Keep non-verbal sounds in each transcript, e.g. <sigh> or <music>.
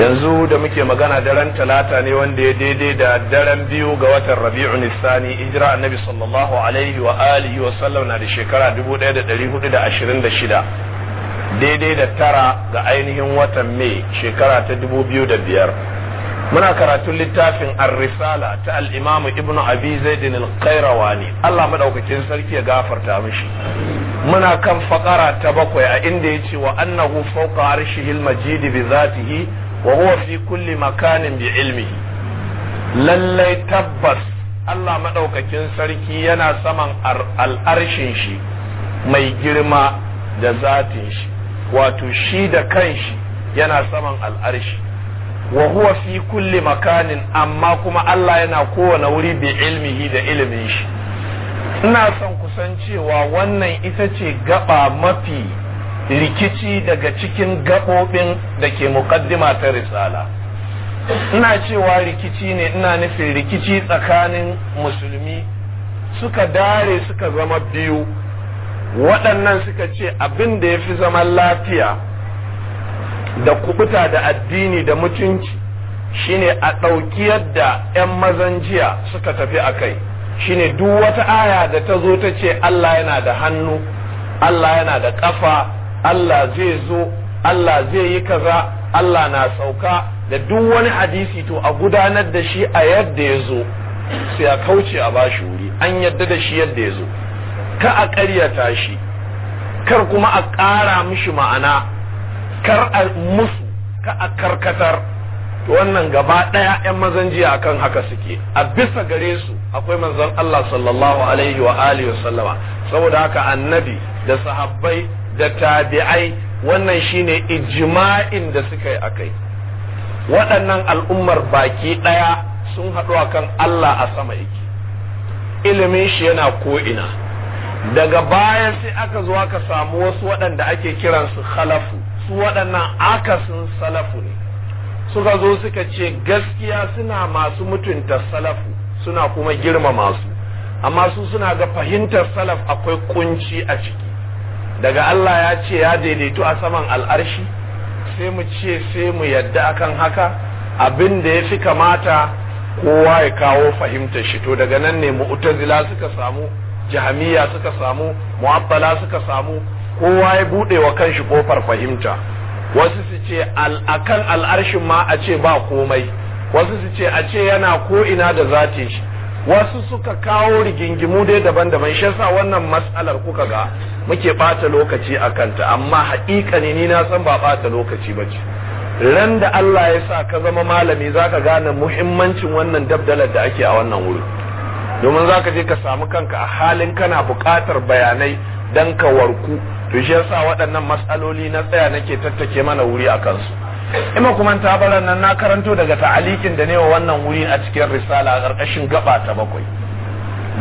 yanzu da muke magana daren talata ne wanda ya daidai da daren biyu ga watan rabi'u nisani hijira annabi sallallahu alaihi wa alihi wa sallam na da shekara 1426 daidai da tara ga ainihin watan mai shekara ta 2005 muna karatun littafin ar ta al ibn abi da al ne. Allah madaukakin sarki ya gafarta mishi muna kan fakara ta bakwai a inda ya ce wa annahu hilma arshihil za bi zatihi wa huwa fi kulli makanin bi ilmihi lallai tabbas Allah maɗaukakin sarki yana saman al'arshin shi mai girma da zatin shi wato shi da kanshi yana saman al'arshi wa huwa fi kulli makanin amma kuma Allah yana kowane wuri bi ilmihi da ilimin shi ina son kusan cewa wannan ita ce gaba mafi rikici daga cikin gaɓoɓin da ke muƙaddima ta risala ina cewa rikici ne ina nufin rikici tsakanin musulmi suka dare suka zama biyu waɗannan suka ce abin da ya fi zaman lafiya da kubuta da addini da mutunci shine a ɗauki yadda 'yan mazan jiya suka tafi a kai shine duk wata aya da ta zo ta ce Allah yana da hannu Allah yana da ƙafa Allah zai zo Allah zai yi kaza Allah na sauka da duk wani hadisi to a gudanar da shi a yadda ya zo sai a kauce a bashi wuri an yadda da shi yadda ya zo ka a ƙaryata shi kar kuma a ƙara mishi ma'ana kar a musu ka a karkatar wannan gaba ɗaya 'yan mazan jiya akan haka suke a bisa gare su akwai manzon Allah sallallahu alaihi wa alihi wa sallama saboda haka annabi da sahabbai da tabi'ai wannan shine ijma'in da suka yi a kai. waɗannan al'ummar baki ɗaya sun haɗu akan Allah a sama yake ilimin shi yana ko'ina daga baya sai aka zo aka samu wasu waɗanda ake kiransu khalafu su waɗannan sun salafu ne suka zo suka ce gaskiya suna masu mutunta salafu suna kuma girma masu, amma su suna ga fahimtar salaf akwai kunci a ciki daga Allah ya ce ya daidaitu a saman al'arshi sai mu ce sai mu yadda akan haka abin da ya fi kamata kowa ya kawo fahimtar shi to daga nan ne mu'tazila suka samu jahamiya suka samu mu'abbala suka samu kowa ya bude wa kanshi kofar fahimta wasu su ce akan al'arshin ma a ce ba komai wasu su ce a ce yana ko ina da zatin shi wasu suka kawo rigingimu dai daban-daban shi yasa wannan matsalar kuka ga muke ɓata lokaci a kanta amma haƙiƙani ni na san ba bata lokaci ba ce ran da Allah ya sa ka zama malami zaka gane muhimmancin wannan dabdalar da ake a wannan wuri domin zaka je ka samu kanka a halin kana buƙatar bayanai dan ka warku to shi yasa waɗannan matsaloli na tsaya nake tattake mana wuri a kansu ima kuma ta nan na karanto daga ta'alikin da ne wa wannan wuri a cikin risala a ƙarƙashin gaba ta bakwai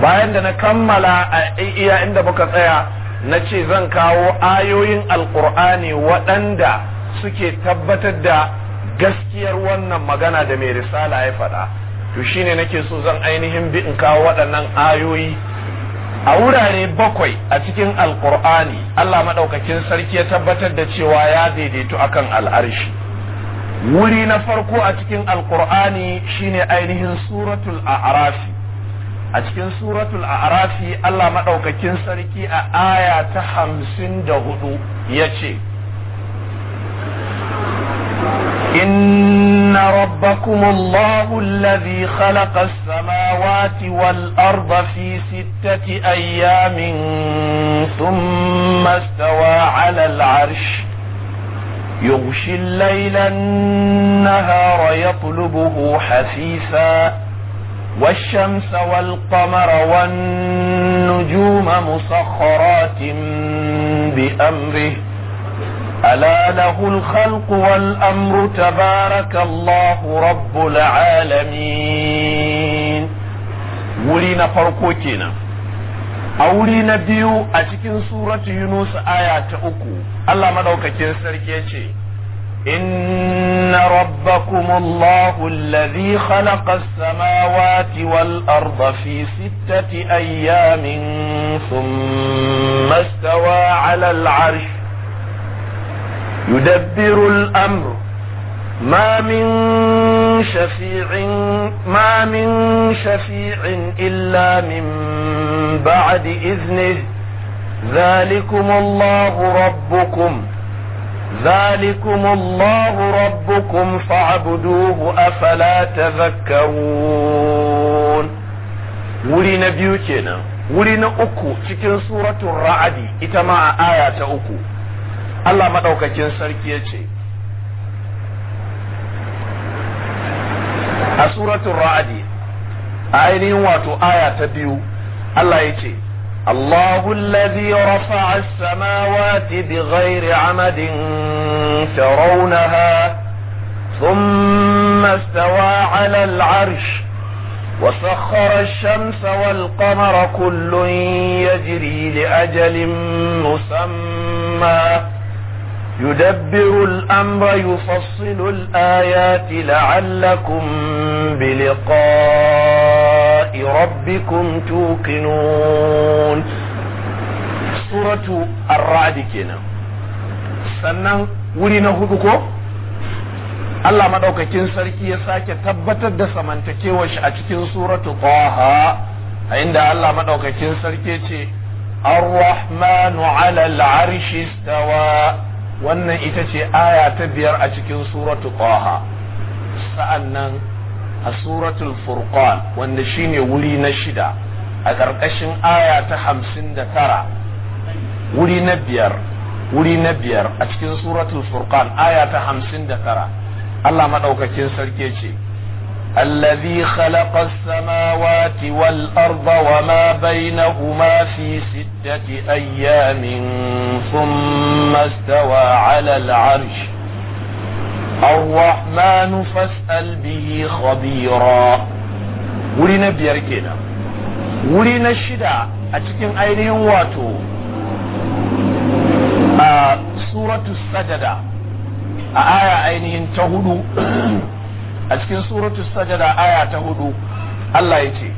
bayan da na kammala a iya inda muka tsaya na ce zan kawo ayoyin alƙur'ani waɗanda suke tabbatar da gaskiyar wannan magana da mai risala ya faɗa to shine nake so zan ainihin bi in kawo waɗannan ayoyi a wurare bakwai a cikin alkur'ani Allah maɗaukakin sarki ya tabbatar da cewa ya daidaitu akan al'arshi wuri na farko a cikin alkur'ani shine ainihin suratul a'rafi a cikin suratul a'rafi Allah maɗaukakin sarki a aya ta hamsin da hudu ya ce إن ربكم الله الذي خلق السماوات والأرض في ستة أيام ثم استوى على العرش يغشي الليل النهار يطلبه حثيثا والشمس والقمر والنجوم مسخرات بأمره ألا له الخلق والأمر تبارك الله رب العالمين ولينا فرقوتنا a wuri na biyu a cikin suratu yunus aya ta uku Allah madaukakin sarki ce إن ربكم الله الذي خلق السماوات والأرض في ستة أيام ثم استوى على العرش يدبر الأمر ما من شفيع ما من شفيع إلا من بعد إذنه ذلكم الله ربكم ذلكم الله ربكم فاعبدوه أفلا تذكرون na biyu kenan wuri na uku cikin suratun ra'adi ita ma a aya ta uku Allah maɗaukakin sarki ya ce a suratul ra'adi a ainihin wato aya ta biyu Allah ya ce الله الذي رفع السماوات بغير عمد ترونها ثم استوى على العرش وسخر الشمس والقمر كل يجري لأجل مسمى يدبر الأمر يفصل الآيات لعلكم بلقاء ربكم توقنون سورة الرعد كنا na ولنا هدوكو Allah maɗaukakin sarki ya sake tabbatar da samantakewar shi a cikin suratu Taha a inda Allah maɗaukakin sarki ce Ar-Rahmanu 'ala wannan ita ce aya ta biyar a cikin suratu qaha sa'annan a suratul furqan wanda shine wuri na shida a ƙarƙashin aya ta hamsin da tara wuri na biyar wuri na biyar a cikin suratul furqan aya ta hamsin da tara Allah maɗaukakin sarki ce الذي خلق السماوات والأرض وما بينهما في ستة أيام ثم استوى على العرش الرحمن فاسأل به خبيرا ولنا بيركينا ولنا الشدة أتكين أين واتو آه، سورة السجدة آه، آية أينهن تهدو <clears throat> a cikin suratul sajada aya ta hudu Allah ya ce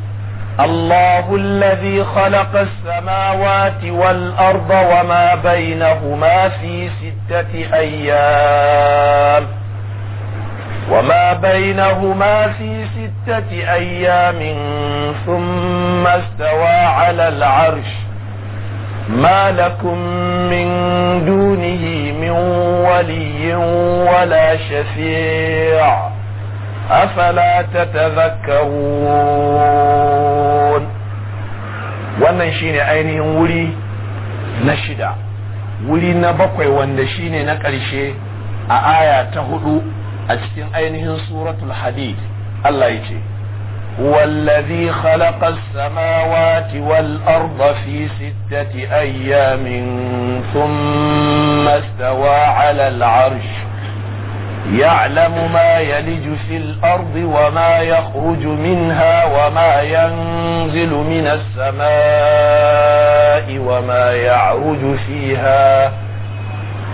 الله الذي خلق السماوات والأرض وما بينهما في ستة أيام وما بينهما في ستة أيام ثم استوى على العرش ما لكم من دونه من ولي ولا شفيع أفلا تتذكرون wannan shine ainihin wuri na shida wuri na bakwai wanda shine na ƙarshe a aya ta hudu a cikin ainihin suratul hadid Allah ya ce والذي خلق السماوات والأرض في ستة أيام ثم استوى على العرش يعلم ما يلج في الأرض وما يخرج منها وما ينزل من السماء وما يعرج فيها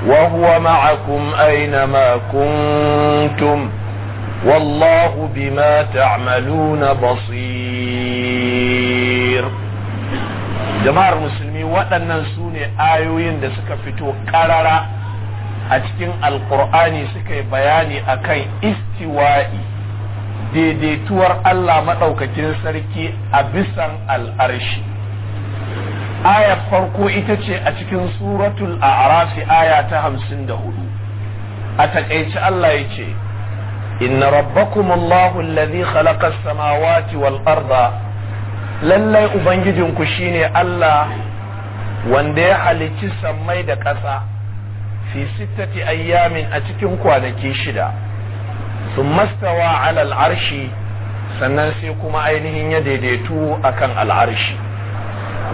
وهو معكم أينما كنتم والله بما تعملون بصير جماعة المسلمين وأن ننسوني آيوين دسك فتو قررا a cikin alkur'ani suka yi bayani kan istiwa'i daidaituwar Allah maɗaukakin sarki a bisan al'arshi ayar farko ita ce a cikin suratul a'rafi aya ta hamsin da hudu a taƙaice Allah ya ce inna rabbakum Allahu alladhi khalaqa as-samawati wal arda lallai ubangijinku shine Allah wanda ya halicci sammai da ƙasa fi sittati ayyamin a cikin kwanaki shida sun mastawa alal arshi sannan sai kuma ainihin ya daidaitu akan al'arshi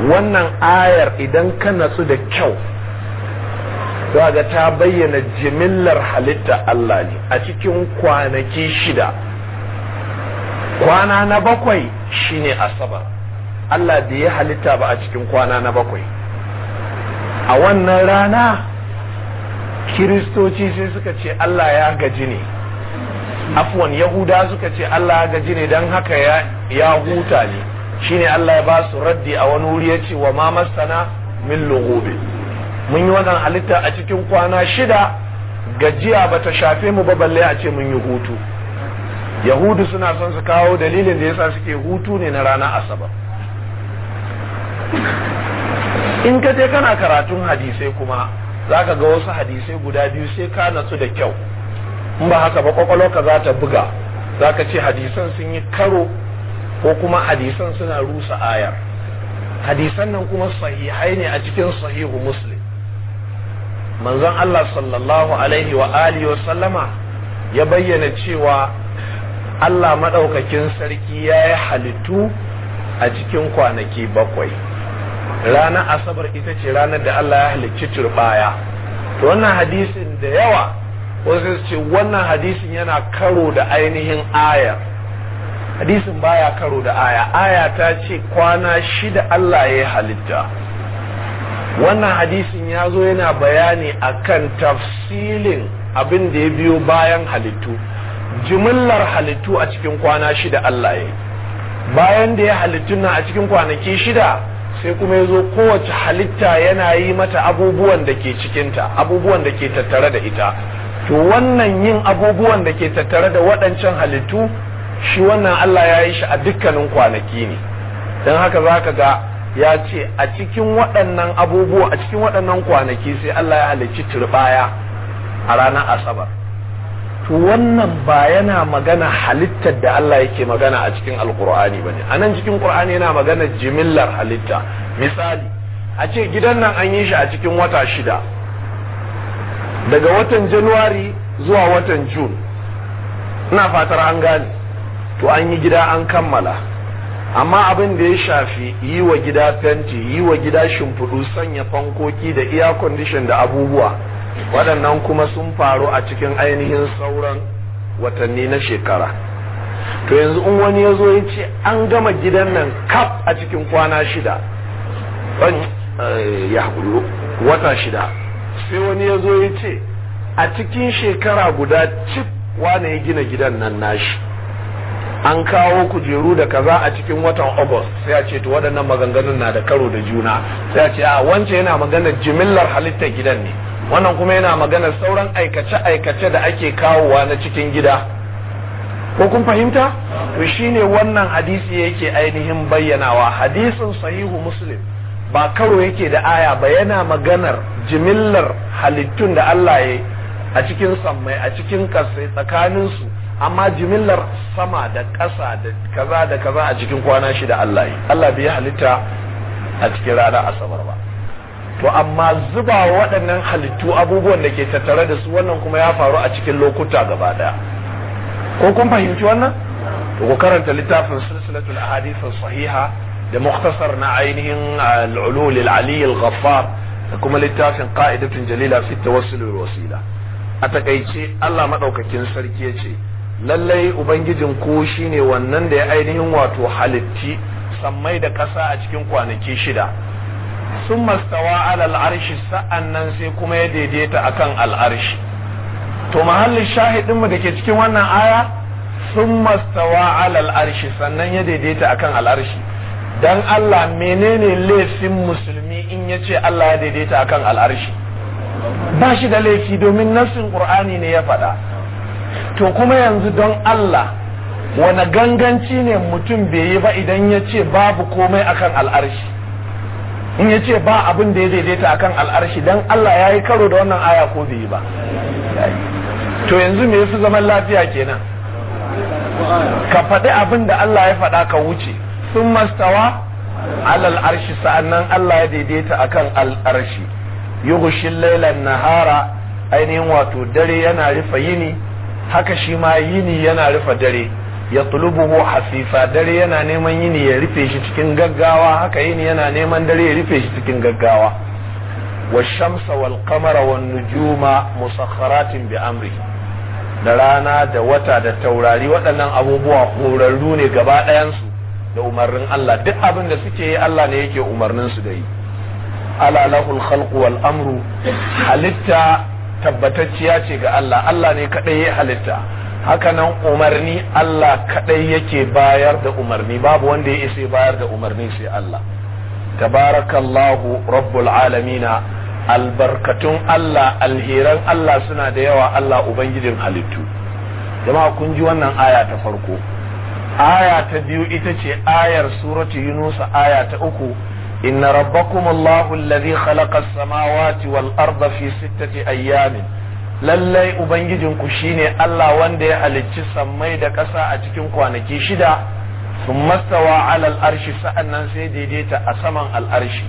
wannan ayar idan ka natsu da kyau za ga ta bayyana jimillar halitta Allah ne a cikin kwanaki shida kwana na bakwai shine asabar Allah da ya halitta ba a cikin kwana na bakwai a wannan rana kiristoci sai suka ce Allah ya gaji ne afwan yahuda suka ce Allah ya gaji ne don haka ya huta ne shine Allah ya ba su raddi a wani wuri ya ce wa ma masana min lugubi mun yi wannan halitta a cikin kwana shida gajiya ba ta shafe mu ba balle a ce mun yi hutu yahudu suna son su kawo dalilin da yasa suke hutu ne na ranar asabar in ka je kana karatun hadisai kuma za ka ga wasu hadisai guda biyu sai ka natsu da kyau in ba haka ba kwakwalwarka za ta buga za ka ce hadisan sun yi karo ko kuma hadisan suna rusa ayar hadisan nan kuma sahihai ne a cikin sahihu muslim manzon Allah sallallahu alaihi wa alihi wa sallama ya bayyana cewa Allah maɗaukakin sarki ya yi halittu a cikin kwanaki bakwai ranar asabar ita ce ranar da Allah ya halicci turbaya to wannan hadisin da yawa wasu ce wannan hadisin yana karo da ainihin aya hadisin baya karo da aya aya ta ce kwana shida Allah ya halitta wannan hadisin ya zo yana bayani akan tafsilin abin da ya biyo bayan halittu jimillar halittu a cikin kwana shida Allah ya bayan da ya halittu na a cikin kwanaki shida sai kuma ya zo kowace halitta yana yi mata abubuwan da ke cikinta abubuwan da ke tattare da ita to wannan yin abubuwan da ke tattare da waɗancan halittu shi wannan Allah ya yi shi a dukkanin kwanaki ne don haka za ka ga ya ce a cikin waɗannan abubuwa a cikin waɗannan kwanaki sai Allah ya halicci turbaya a ranar asabar to wannan ba yana magana halittar da Allah yake magana a cikin alkur'ani bane a nan cikin ƙur'ani yana magana jimillar halitta misali a ce gidan nan an yi shi a cikin wata shida daga watan januwari zuwa watan june ina fatar an gane to an yi gida an kammala amma abin da ya shafi yi wa gida fenti yi wa gida shimfiɗu sanya fankoki da iya kwandishin da abubuwa waɗannan kuma sun faru a cikin ainihin sauran watanni na shekara to yanzu in wani ya zo ya ce an gama gidan nan kaf a cikin kwana shida eh, ya wata shida sai wani ya zo ya ce a cikin shekara guda cik wane ya gina gidan nan nashi an kawo kujeru da kaza a cikin watan August sai a ce to waɗannan maganganun na da karo da juna sai a ce a wance yana maganar jimillar halittar gidan ne wannan kuma yana magana sauran aikace-aikace da ake kawowa na cikin gida ko kun fahimta to shine wannan hadisi yake ainihin bayyanawa hadisin sahihu muslim ba karo yake da aya ba yana maganar jimillar halittun da Allah ya a cikin sammai a cikin kasai tsakanin su amma jimillar sama da ƙasa da kaza da kaza a cikin kwana shi da Allah ya Allah bai halitta a cikin ranar asabar ba to amma zuba waɗannan halittu abubuwan da ke tattare da su wannan kuma ya faru a cikin lokuta gaba ko kun fahimci wannan to ku karanta littafin silsilatul ahadith sahiha da mukhtasar na ainihin al-ulul al-ali al-ghaffar da kuma littafin qa'idatun jalila fi tawassul wal wasila a takaice Allah madaukakin sarki yace lallai ubangijin ku shine wannan da ya ainihin wato halitti sammai da ƙasa a cikin kwanaki shida sun mastawa alal arshi sa'an sai kuma ya daidaita akan al'arshi to mahallin shahidinmu da ke cikin wannan aya sun mastawa alal arshi sannan ya daidaita akan al'arshi dan Allah menene laifin musulmi in ya ce Allah ya daidaita akan al'arshi ba shi da laifi domin nassin qur'ani ne ya faɗa to kuma yanzu don Allah wani ganganci ne mutum bai yi ba idan ya ce babu komai akan al'arshi in ya ce ba abin da ya daidaita akan al'arshi dan Allah ya yi karo da wannan aya ko bai yi ba to yanzu me yasu zaman lafiya kenan ka faɗi abin da Allah ya faɗa ka wuce sun mastawa alal arshi sa'annan Allah ya daidaita akan al'arshi yughshil lailan nahara ainihin wato dare yana rufe yini haka shi ma yini yana rufe dare ya tulubuhu hasifa dare yana neman yini ya rufe shi cikin gaggawa haka yini yana neman dare ya rufe shi cikin gaggawa wa shamsa wal kamara wa nujuma musakharatin bi amri da rana da wata da taurari waɗannan abubuwa horarru ne gaba ɗayansu da umarnin Allah duk abin da suke yi Allah ne yake umarnin su da yi ala lahul khalqu wal amru halitta tabbatacciya ce ga Allah Allah ne kadai ya halitta hakanan umarni Allah kadai yake bayar da umarni babu wanda ya isa bayar da umarni sai Allah tabarakallahu rabbul alamina albarkatun Allah alheran Allah suna da yawa Allah ubangijin halittu jama'a kun ji wannan aya ta farko aya ta biyu ita ce ayar suratu yunus aya ta uku inna rabbakum allahu alladhi khalaqa as-samawati wal arda fi sittati ayyamin lallai ubangijinku shine Allah wanda ya halicci sammai da ƙasa a cikin kwanaki shida sun mastawa alal arshi sa'annan sai daidaita a saman al'arshi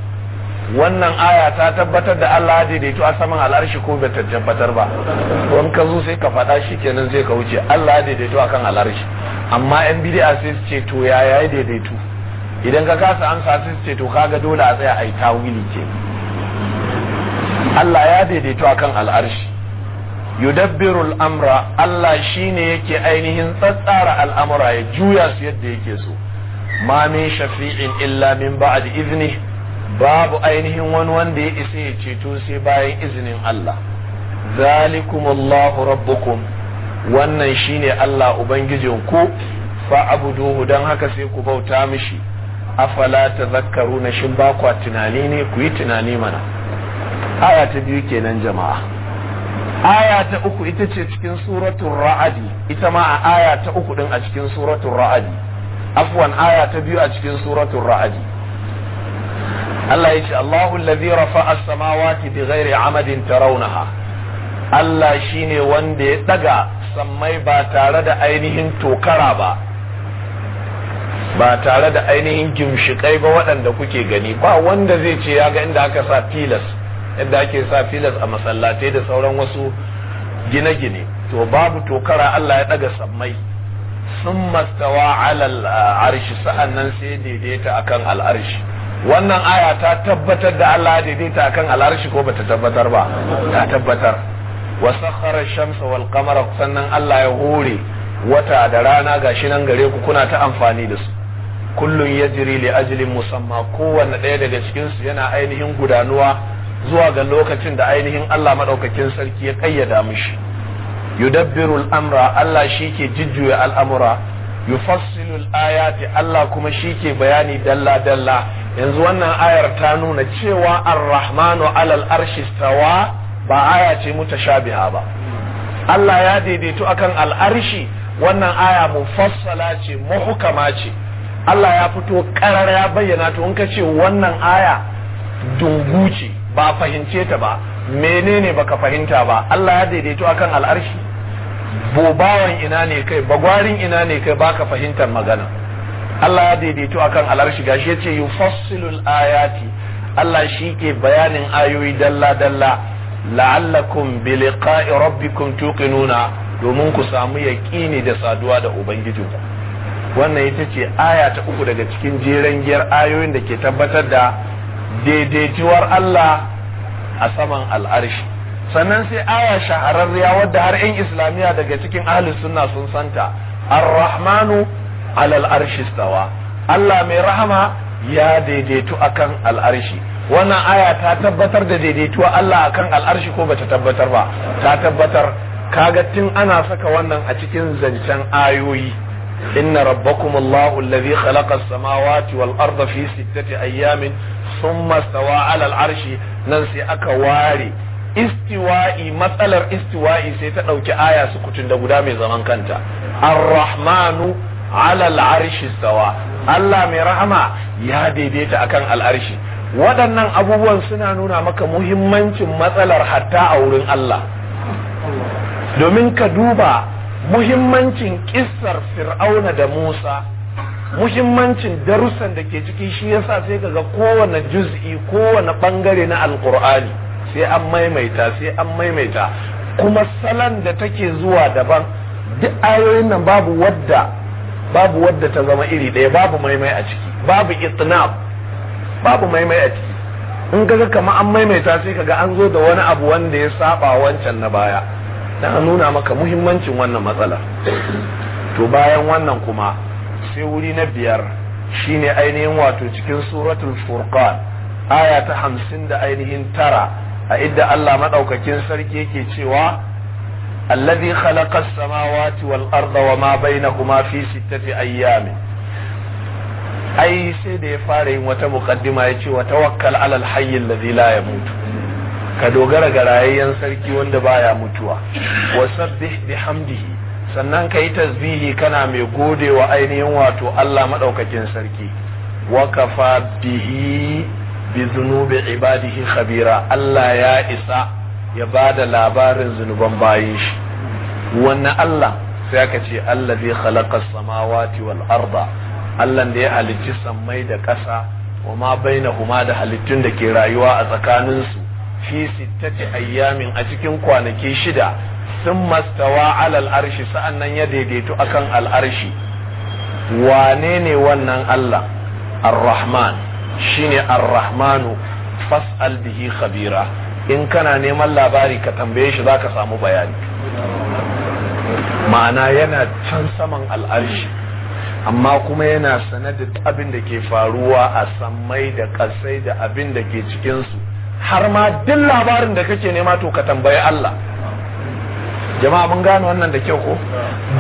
wannan aya ta tabbatar da Allah daidaito a saman al'arshi ko bai tabbatar ba don ka zo sai ka faɗa shi kenan sai ka wuce Allah daidaito kan al'arshi amma yan bid'a sai su ce to ya yi daidaito idan ka kasa amsa sai su ce to kaga dole a tsaya ai tawili ke Allah ya daidaito kan al'arshi yudabbirul amra Allah shine yake ainihin tsatsara al'amura ya juya su yadda yake so ma min shafi'in illa min ba'd izni babu ainihin wani wanda ya isa ya ceto sai bayan izinin Allah Allahu rabbukum wannan shine Allah ubangijin ku abuduhu dan haka sai ku bauta mishi afala Zakaru shin ba ku tunani ne ku yi tunani mana aya ta biyu kenan jama'a aya ta uku ita ce cikin suratul ra'adi ita ma a aya ta uku din a cikin suratul ra'adi afwan aya ta biyu a cikin suratul ra'adi Allah ya ce Allahu allazi rafa'a as-samawati bighairi 'amadin tarawnaha Allah shine wanda ya daga sammai ba tare da ainihin tokara ba ba tare da ainihin gimshikai ba waɗanda kuke gani ba wanda zai ce ya ga inda aka sa tilas yadda ake sa filas a masallatai da sauran wasu gine-gine to babu tokara Allah ya daga sammai sun mastawa alal uh, arshi sa'an nan sai daidaita akan al'arshi wannan aya ta tabbatar da Allah ya daidaita akan al'arshi ko bata tabbatar ba ta tabbatar wa sakhara shamsa wal qamara sannan Allah ya hore wata da rana ga shi nan gare ku kuna ta amfani da su kullun yajri li ajlin musamma kowanne ɗaya daga cikin su yana ainihin gudanuwa zuwa ga lokacin da ainihin Allah maɗaukakin sarki ya kayyada mishi yudabbirul amra Allah shike jujjuya al'amura yufassilul ayati Allah kuma shike bayani dalla dalla yanzu wannan ayar ta nuna cewa ar-rahmanu alal arshi stawa ba aya ce mutashabiha ba Allah ya daidaito akan al'arshi wannan aya mufassala ce muhukama ce Allah ya fito karar ya bayyana to in ka ce wannan aya dungu ce ba fahimce ta ba menene baka fahimta ba Allah ya daidaito akan al'arshi bobawan ina ne kai bagwarin ina ne kai baka fahimtar magana Allah ya daidaito akan al'arshi gashi yace yufassilul ayati Allah shi ke bayanin ayoyi dalla dalla la'allakum bi liqa'i rabbikum tuqinuna domin ku samu yaqini da saduwa da ubangijinku wannan ita ce aya ta uku daga cikin jerengiyar ayoyin da ke tabbatar da daidaituwar Allah a saman al'arshi sannan sai aya shahararriya wadda har 'yan islamiyya daga cikin ahlus sunna sun santa ar-rahmanu alal arshi stawa Allah mai rahama ya daidaitu akan al'arshi wannan aya ta tabbatar da daidaituwa Allah akan al'arshi ko bata tabbatar ba ta tabbatar kaga tun ana saka wannan a cikin zancen ayoyi إن ربكم الله الذي خلق السماوات والأرض في ستة أيام ثم استوى على العرش ننسي أكواري istiwa'i matsalar istiwa'i sai ta ɗauki aya sukutun da guda mai zaman kanta ar-rahmanu ala arshi Allah mai rahama ya daidaita akan al'arshi waɗannan abubuwan suna nuna maka muhimmancin matsalar hatta a wurin Allah domin ka duba muhimmancin kissar fir'auna da musa muhimmancin darussan da ke ciki shi yasa sai kaga kowane juz'i kowane bangare na alkur'ani sai an maimaita sai an maimaita kuma salon da take zuwa daban duk ayoyin nan babu wadda babu wadda ta zama iri ɗaya babu maimai a ciki babu itnab babu maimai a ciki in ga kama an maimaita sai kaga an zo da wani abu wanda ya saba wancan na baya Na an nuna maka muhimmancin wannan matsala to bayan wannan kuma sai wuri na biyar shine ainihin wato cikin suratul furqan aya ta hamsin da ainihin tara a idda Allah maɗaukakin sarki yake cewa alladhi khalaqa samawati wal arda wa ma bainahuma fi sittati ayyamin ai sai da ya fara yin wata muqaddima yace wa tawakkal alal hayy alladhi la mutu. ka dogara ga rayayyen sarki wanda baya mutuwa wasabbih bihamdihi sannan ka yi tasbihi kana mai gode wa ainihin wato Allah maɗaukakin sarki wa bihi bi zunubi ibadihi khabira Allah ya isa ya ba da labarin zunuban bayin shi wannan Allah sai aka ce Allah zai khalaqa samawati wal arda Allah da ya halicci sammai da ƙasa wa ma bainahuma da halittun da ke rayuwa a tsakaninsu fi sittati ayyamin a cikin kwanaki shida sun mastawa alal arshi sa'an nan ya daidaitu akan al'arshi wane ne wannan Allah ar-Rahman shine ar-Rahmanu fas'al bihi khabira in kana neman labari ka tambaye shi zaka samu bayani ma'ana yana can saman al'arshi amma kuma yana sanar da abin da ke faruwa a samai da kasai da abin da ke cikinsu har ma duk labarin da kake nema to ka tambayi Allah jama'a mun gane wannan da kyau ko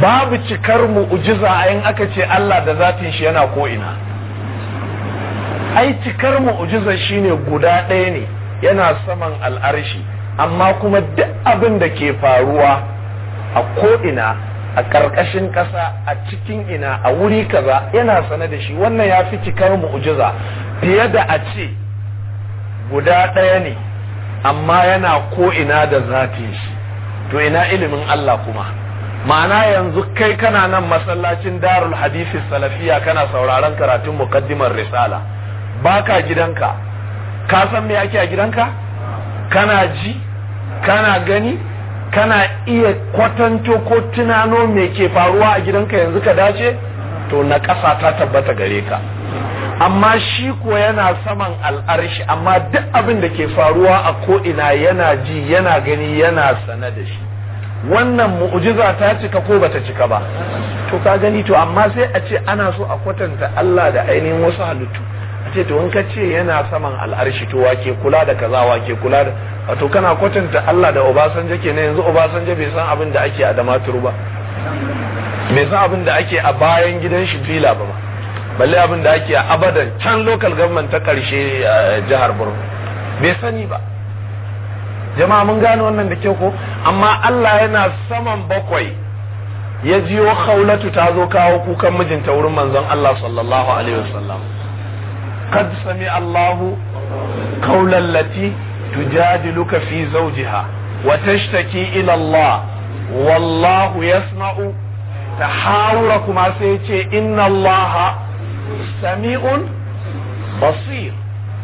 babu cikar mu'ujiza a yin aka ce Allah da zatin shi yana ko ina ai cikar mu ujiza shine guda ɗaya ne yana saman al'arshi amma kuma duk abin da ke faruwa a ko ina a ƙarƙashin ƙasa a cikin ina a wuri kaza yana sane da shi wannan ya fi cikar mu'ujiza fiye da a ce guda ɗaya ne amma yana ko ina da zatin shi to ina ilimin Allah kuma ma'ana yanzu kai kana nan masallacin darul hadisi salafiya kana sauraron karatun muqaddimar risala baka gidanka ka san me ake a gidanka kana ji kana gani kana iya kwatanto ko tunano me ke faruwa a gidanka yanzu ka dace to na ƙasa ta tabbata gare ka amma shi kuwa yana saman al'arshi amma duk abin da ke faruwa a ko'ina yana ji yana gani yana sana da shi wannan mu'ujiza ta cika ko bata cika ba to ka gani to amma sai a ce ana so a kwatanta Allah da ainihin wasu halittu a ce to in ka ce yana saman al'arshi to wake kula da kaza wake kula da wato kana kwatanta Allah da Obasanjo kenan yanzu Obasanjo bai san abin da ake a Damaturu ba bai san abin da ake a bayan gidan shi fila ba ba balle abin da ake a abadan can local government ta karshe jihar borno bai sani ba jama'a mun gane wannan da kyau ko amma allah yana saman bakwai ya jiyo haulatu ta zo kawo kukan mijinta wurin manzon allah sallallahu alaihi wasallam قد سمع الله قول التي تجادلك في زوجها وتشتكي إلى الله والله يسمع sai ce inna الله sami'un basir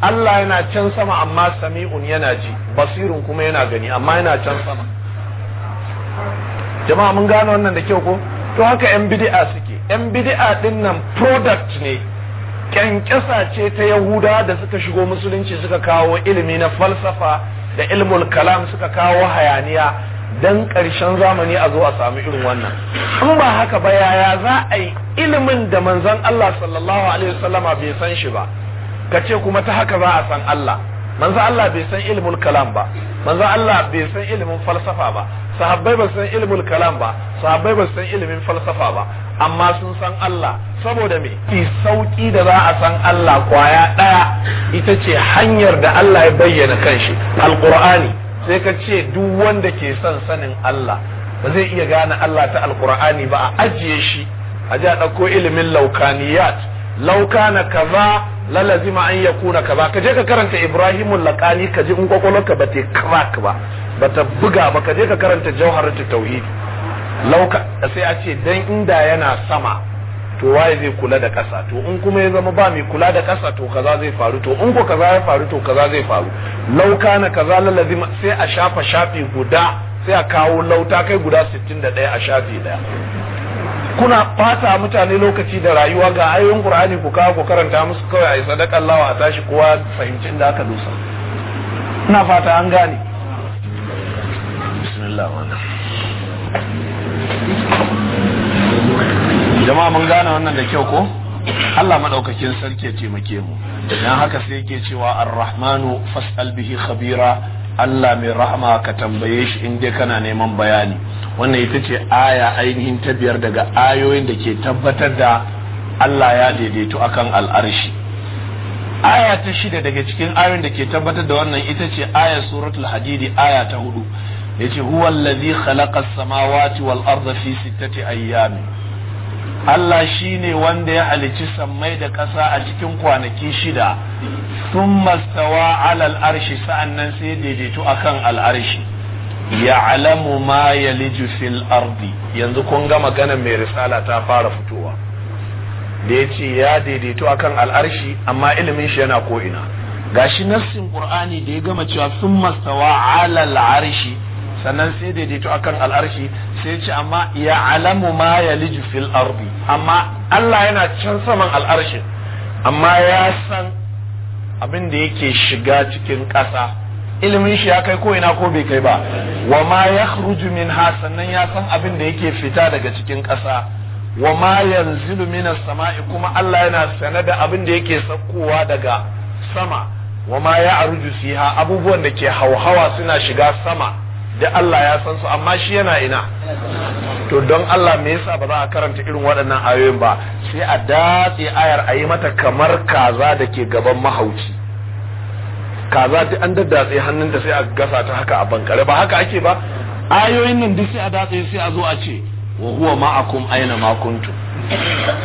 Allah yana can sama amma sami'un yana ji basirun kuma yana gani amma yana can sama jama'a mun gano wannan da kyau ko to haka yan bid'a suke yan bidi'a din nan product ne kyankyasa ce ta yahuda da suka shigo musulunci suka kawo ilimi na falsafa da ilmul kalam suka kawo hayaniya dan ƙarshen zamani a zo a samu irin wannan in ba haka ba yaya za a yi ilimin da manzon Allah sallallahu alaihi bai san shi ba ka ce kuma ta haka za a san Allah manzon Allah bai san ilmul kalam ba manzon Allah bai san ilimin falsafa ba sahabbai ba san ilimin kalam ba sahabbai ba san ilimin falsafa ba amma sun san Allah saboda me ki sauki da za a san Allah kwaya daya ita ce hanyar da Allah ya bayyana kanshi alqur'ani sai ka ce duk wanda ke son sanin Allah ba zai iya gane Allah ta alkur'ani ba a ajiye shi a ji a ɗauko ilimin laukaniyat lauka na kaza lalazima an ya kuna kaza ka je ka karanta ibrahim laƙani ka ji in kwakwalwarka ba ta crack ba ba ta buga ba ka je ka karanta jawharatu tauhidi lauka sai a ce dan inda yana sama to waye zai kula da ƙasa to in kuma ya zama ba mai kula da ƙasa to kaza zai faru to in ko kaza ya faru to kaza zai faru lauka na kaza lalazi sai a shafa shafi guda sai a kawo lauta kai guda 61 a shafi daya kuna fata mutane lokaci da rayuwa ga ayoyin qur'ani ku kawo ku karanta musu kawai a yi Allah lawa a tashi kowa fahimcin da aka dosa ina fata an gane bismillah jama'a mun gane wannan da kyau ko Allah madaukakin sarki ya taimake mu dan haka sai yake cewa ar-rahmanu fas'al bihi khabira Allah mai rahama ka tambaye shi in dai kana neman bayani wannan ita ce aya ainihin ta biyar daga ayoyin da ke tabbatar da Allah ya daidaito akan al'arshi aya ta shida daga cikin ayoyin da ke tabbatar da wannan ita ce aya suratul hadidi aya ta hudu yace huwa allazi khalaqa as-samawati wal arda fi sittati ayyamin Allah shi ne wanda ya halici sammai da ƙasa a cikin kwanaki shida sun mastawa alal arshi nan sai daidaito kan al'arshi Ya alamu ma ya fil ardi yanzu kun gama magana mai risala ta fara fitowa da ya ce ya daidaito kan al'arshi amma ilimin shi yana ko'ina Ga shi nassin ƙur'ani da ya gama cewa sun mastawa alal arshi sannan sai daidaito akan al'arshi sai ce amma ya alamu ma ya liju fil ardi amma Allah yana can saman al'arshin amma ya san abin da yake shiga cikin ƙasa ilimin shi ya kai ko ina ko bai kai ba wa ma ya min ha sannan ya san abin da yake fita daga cikin ƙasa wa ma yanzilu minas sama'i kuma Allah yana sane da abin da yake saukowa daga sama wa ma ya aruju fiha abubuwan da ke hauhawa suna shiga sama da Allah ya san su amma shi yana ina to don Allah me yasa ba za a karanta irin waɗannan ayoyin ba sai a datse ayar a yi mata kamar kaza da ke gaban mahauci kaza duk an daddatse hannunta sai a gasa ta haka a bankare ba haka ake ba ayoyin nan duk sai a datse sai a zo a ce wa huwa ma'akum aina ma kuntum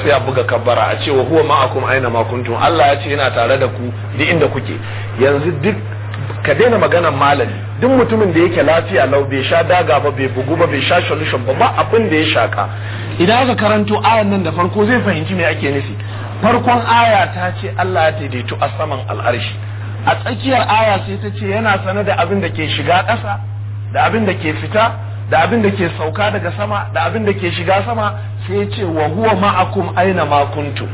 sai a buga kabbara a ce wa huwa ma'akum aina ma kuntum Allah ya ce yana tare da ku duk inda kuke yanzu duk ka daina maganar malami duk mutumin da yake lafiya lau bai sha daga ba bai bugu ba bai sha solution ba ba abin da ya shaka idan aka karanto ayan nan da farko zai fahimci me ake nufi farkon aya ta ce Allah ya daidaitu a saman al'arshi a tsakiyar aya sai ta ce yana sane da abin da ke shiga ƙasa da abin da ke fita da abin da ke sauka daga sama da abin da ke shiga sama sai ya ce wa huwa ma'akum aina ma kuntum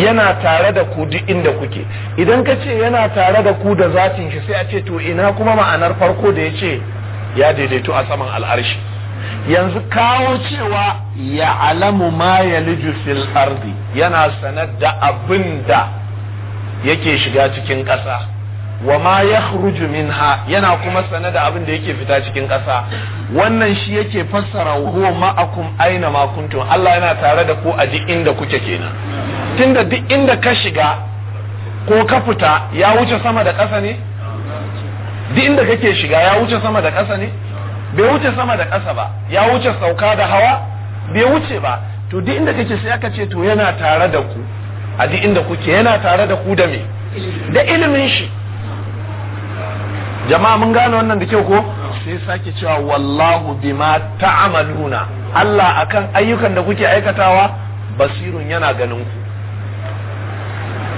yana tare da ku duk inda kuke idan ka ce yana tare da ku da zatin shi sai a ce to ina kuma ma'anar farko da ya ce ya daidaito a saman al'arshi yanzu kawo cewa ya alamu ma ya fil ardi yana sanar da abin da yake shiga cikin ƙasa wa ma yakhruju minha yana kuma sane da abin da yake fita cikin ƙasa wannan shi yake fassara huwa ma'akum aina ma kuntum Allah yana tare da ku a duk inda kuke kenan tunda duk inda ka shiga ko ka fita ya wuce sama da ƙasa ne duk inda kake shiga ya wuce sama da ƙasa ne bai wuce sama da ƙasa ba ya wuce sauka da hawa bai wuce ba to duk inda kake sai aka ce to yana tare da ku a duk inda kuke yana tare da ku da me da ilimin shi jama'a mun gane wannan da kyau ko sai sake cewa wallahu bima ta'maluna Allah akan ayyukan da kuke aikatawa basirun yana ganin ku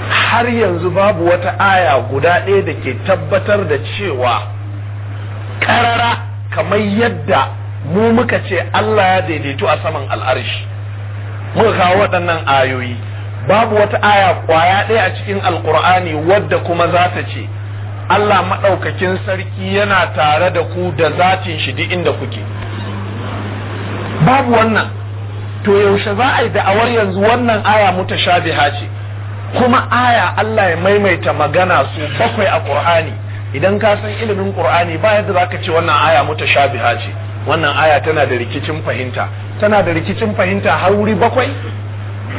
har yanzu babu wata aya guda ɗaya da ke tabbatar da cewa karara kamar yadda mu muka ce Allah ya daidaitu a saman al'arshi muka kawo waɗannan ayoyi babu wata aya kwaya ɗaya a cikin alkur'ani wadda kuma za ta ce Allah maɗaukakin sarki yana tare da ku da zatin shi duk inda kuke babu wannan to yaushe za a yi da'awar yanzu wannan aya mutashabiha ce kuma aya Allah ya maimaita magana su bakwai a Qur'ani idan ka san ilimin Qur'ani ba yadda ka ce wannan aya mutashabiha ce wannan aya tana da rikicin fahimta tana da rikicin fahimta har wuri bakwai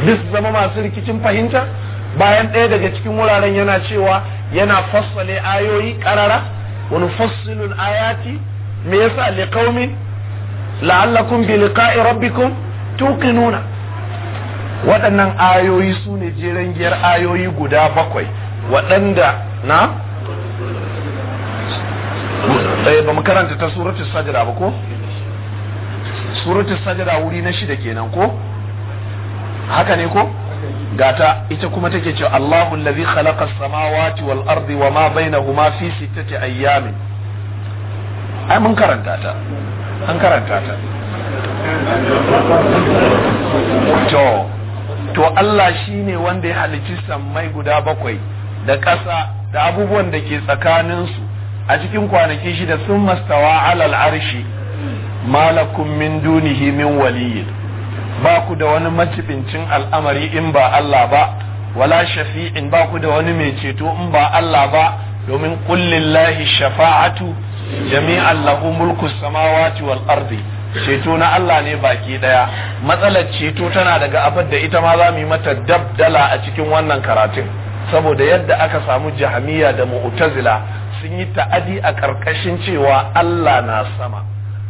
duk zama masu rikicin fahimta bayan ɗaya daga cikin wuraren yana cewa yana fassale ayoyi karara wani fassilul ayati me yasa liqaumin la'allakum bi liqa'i rabbikum tuqinuna waɗannan ayoyi su ne jeren giyar ayoyi guda bakwai waɗanda na eh, ba mu ta suratul sajda ba ko suratul sajda wuri na shida kenan ko haka ne ko gata ita kuma take cewa Allahu allazi khalaqa as-samawati wal ardi wa ma bainahuma fi sittati ayyamin ai mun karanta ta an karanta ta to to Allah shine wanda ya halicci sammai guda bakwai da ƙasa da abubuwan da ke tsakaninsu a cikin kwanaki shida sun mastawa alal arshi malakum min dunihi min waliyyin ba ku da wani macibincin al'amari in ba Allah ba wala shafi'in ba ku da wani mai ceto in ba Allah ba domin kullillahi shafa'atu jami'an lahu mulku samawati wal ardi ceto na Allah ne baki daya matsalar ceto tana daga abin da ita ma za mu yi mata dabdala a cikin wannan karatun saboda yadda aka samu jahamiya da mu'tazila sun yi ta'adi a ƙarƙashin cewa Allah na sama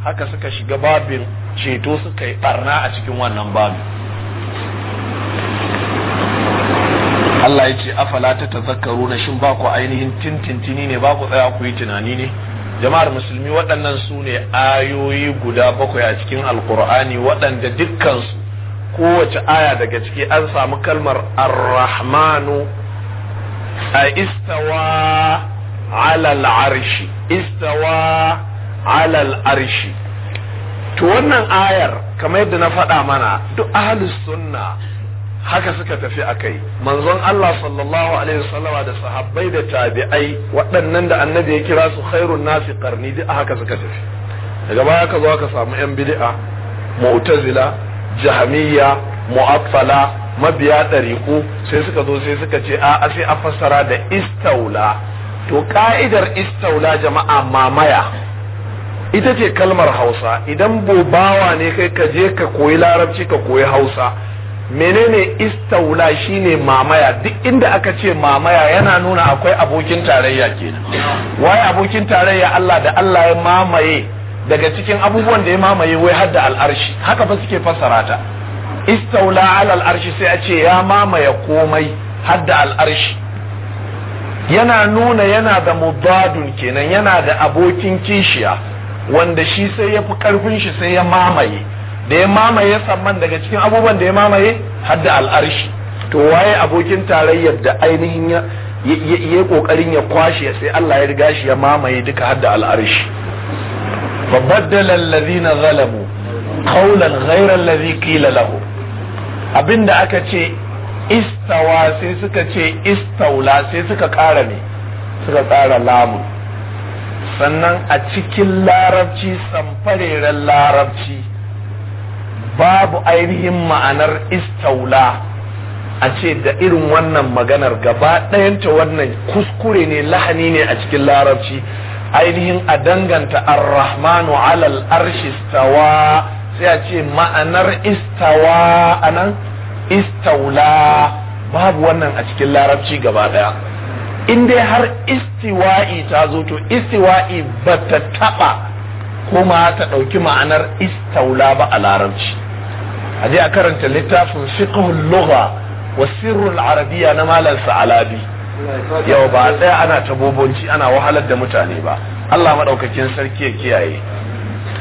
haka suka shiga babin ceto suka yi barna a cikin wannan babin Allah ya ce afala ta tazakkaru na shin ba ku ainihin tintintini ne ba ku tsaya ku yi tunani ne jama'ar musulmi waɗannan su ne ayoyi guda bakwai a cikin alkur'ani waɗanda dukkansu kowace aya daga ciki an samu kalmar arrahmanu a istawa alal arshi istawa alal arshi to wannan ayar kamar yadda na faɗa mana duk ahlus sunna haka suka tafi a kai manzon Allah sallallahu alaihi wasallama da sahabbai da tabi'ai waɗannan da annabi ya kira su khairun nasi qarni duk haka suka tafi daga baya ka zo ka samu yan bid'a mu'tazila jahamiyya mu'affala mabiya ɗariƙu sai suka zo sai suka ce a sai a fassara da istaula to ka'idar istaula jama'a mamaya ita ce kalmar hausa idan bobawa ne kai ka je ka koyi larabci ka koyi hausa menene istaula shine mamaya duk inda aka ce mamaya yana nuna akwai abokin tarayya kenan waye abokin tarayya Allah da Allah ya mamaye daga cikin abubuwan da ya mamaye wai har da al'arshi haka fa suke fassara ta istaula ala al'arshi sai a ce ya mamaye komai har da al'arshi yana nuna yana da mubadun kenan yana da abokin kishiya wanda shi sai ya fi karfin shi sai ya mamaye da ya mamaye samman daga cikin abubuwan da ya mamaye har al'arshi to waye abokin tarayyar da ainihin ya yi kokarin ya kwashe sai Allah ya riga shi ya mamaye duka har da al'arshi fabaddala allazina zalamu qawlan ghayra allazi qila lahu abinda aka ce istawa sai suka ce istaula sai suka kara ne suka tsara lamu sannan a cikin larabci samfareren larabci babu ainihin ma'anar istaula a ce da irin wannan maganar gaba ɗayanta wannan kuskure ne lahani ne a cikin larabci ainihin a danganta arrahmanu alal arshi stawa sai a ce ma'anar istawa anan istaula babu wannan a cikin larabci gaba ɗaya in dai har istiwa'i ta zo to istiwa'i ba ta taɓa kuma ta ɗauki ma'anar istaula ba a larabci a je a karanta littafin fiqhul lugha wa sirrul arabiyya na malam sa'alabi yau ba tsaya ana tabobonci ana wahalar da mutane ba Allah maɗaukakin sarki ya kiyaye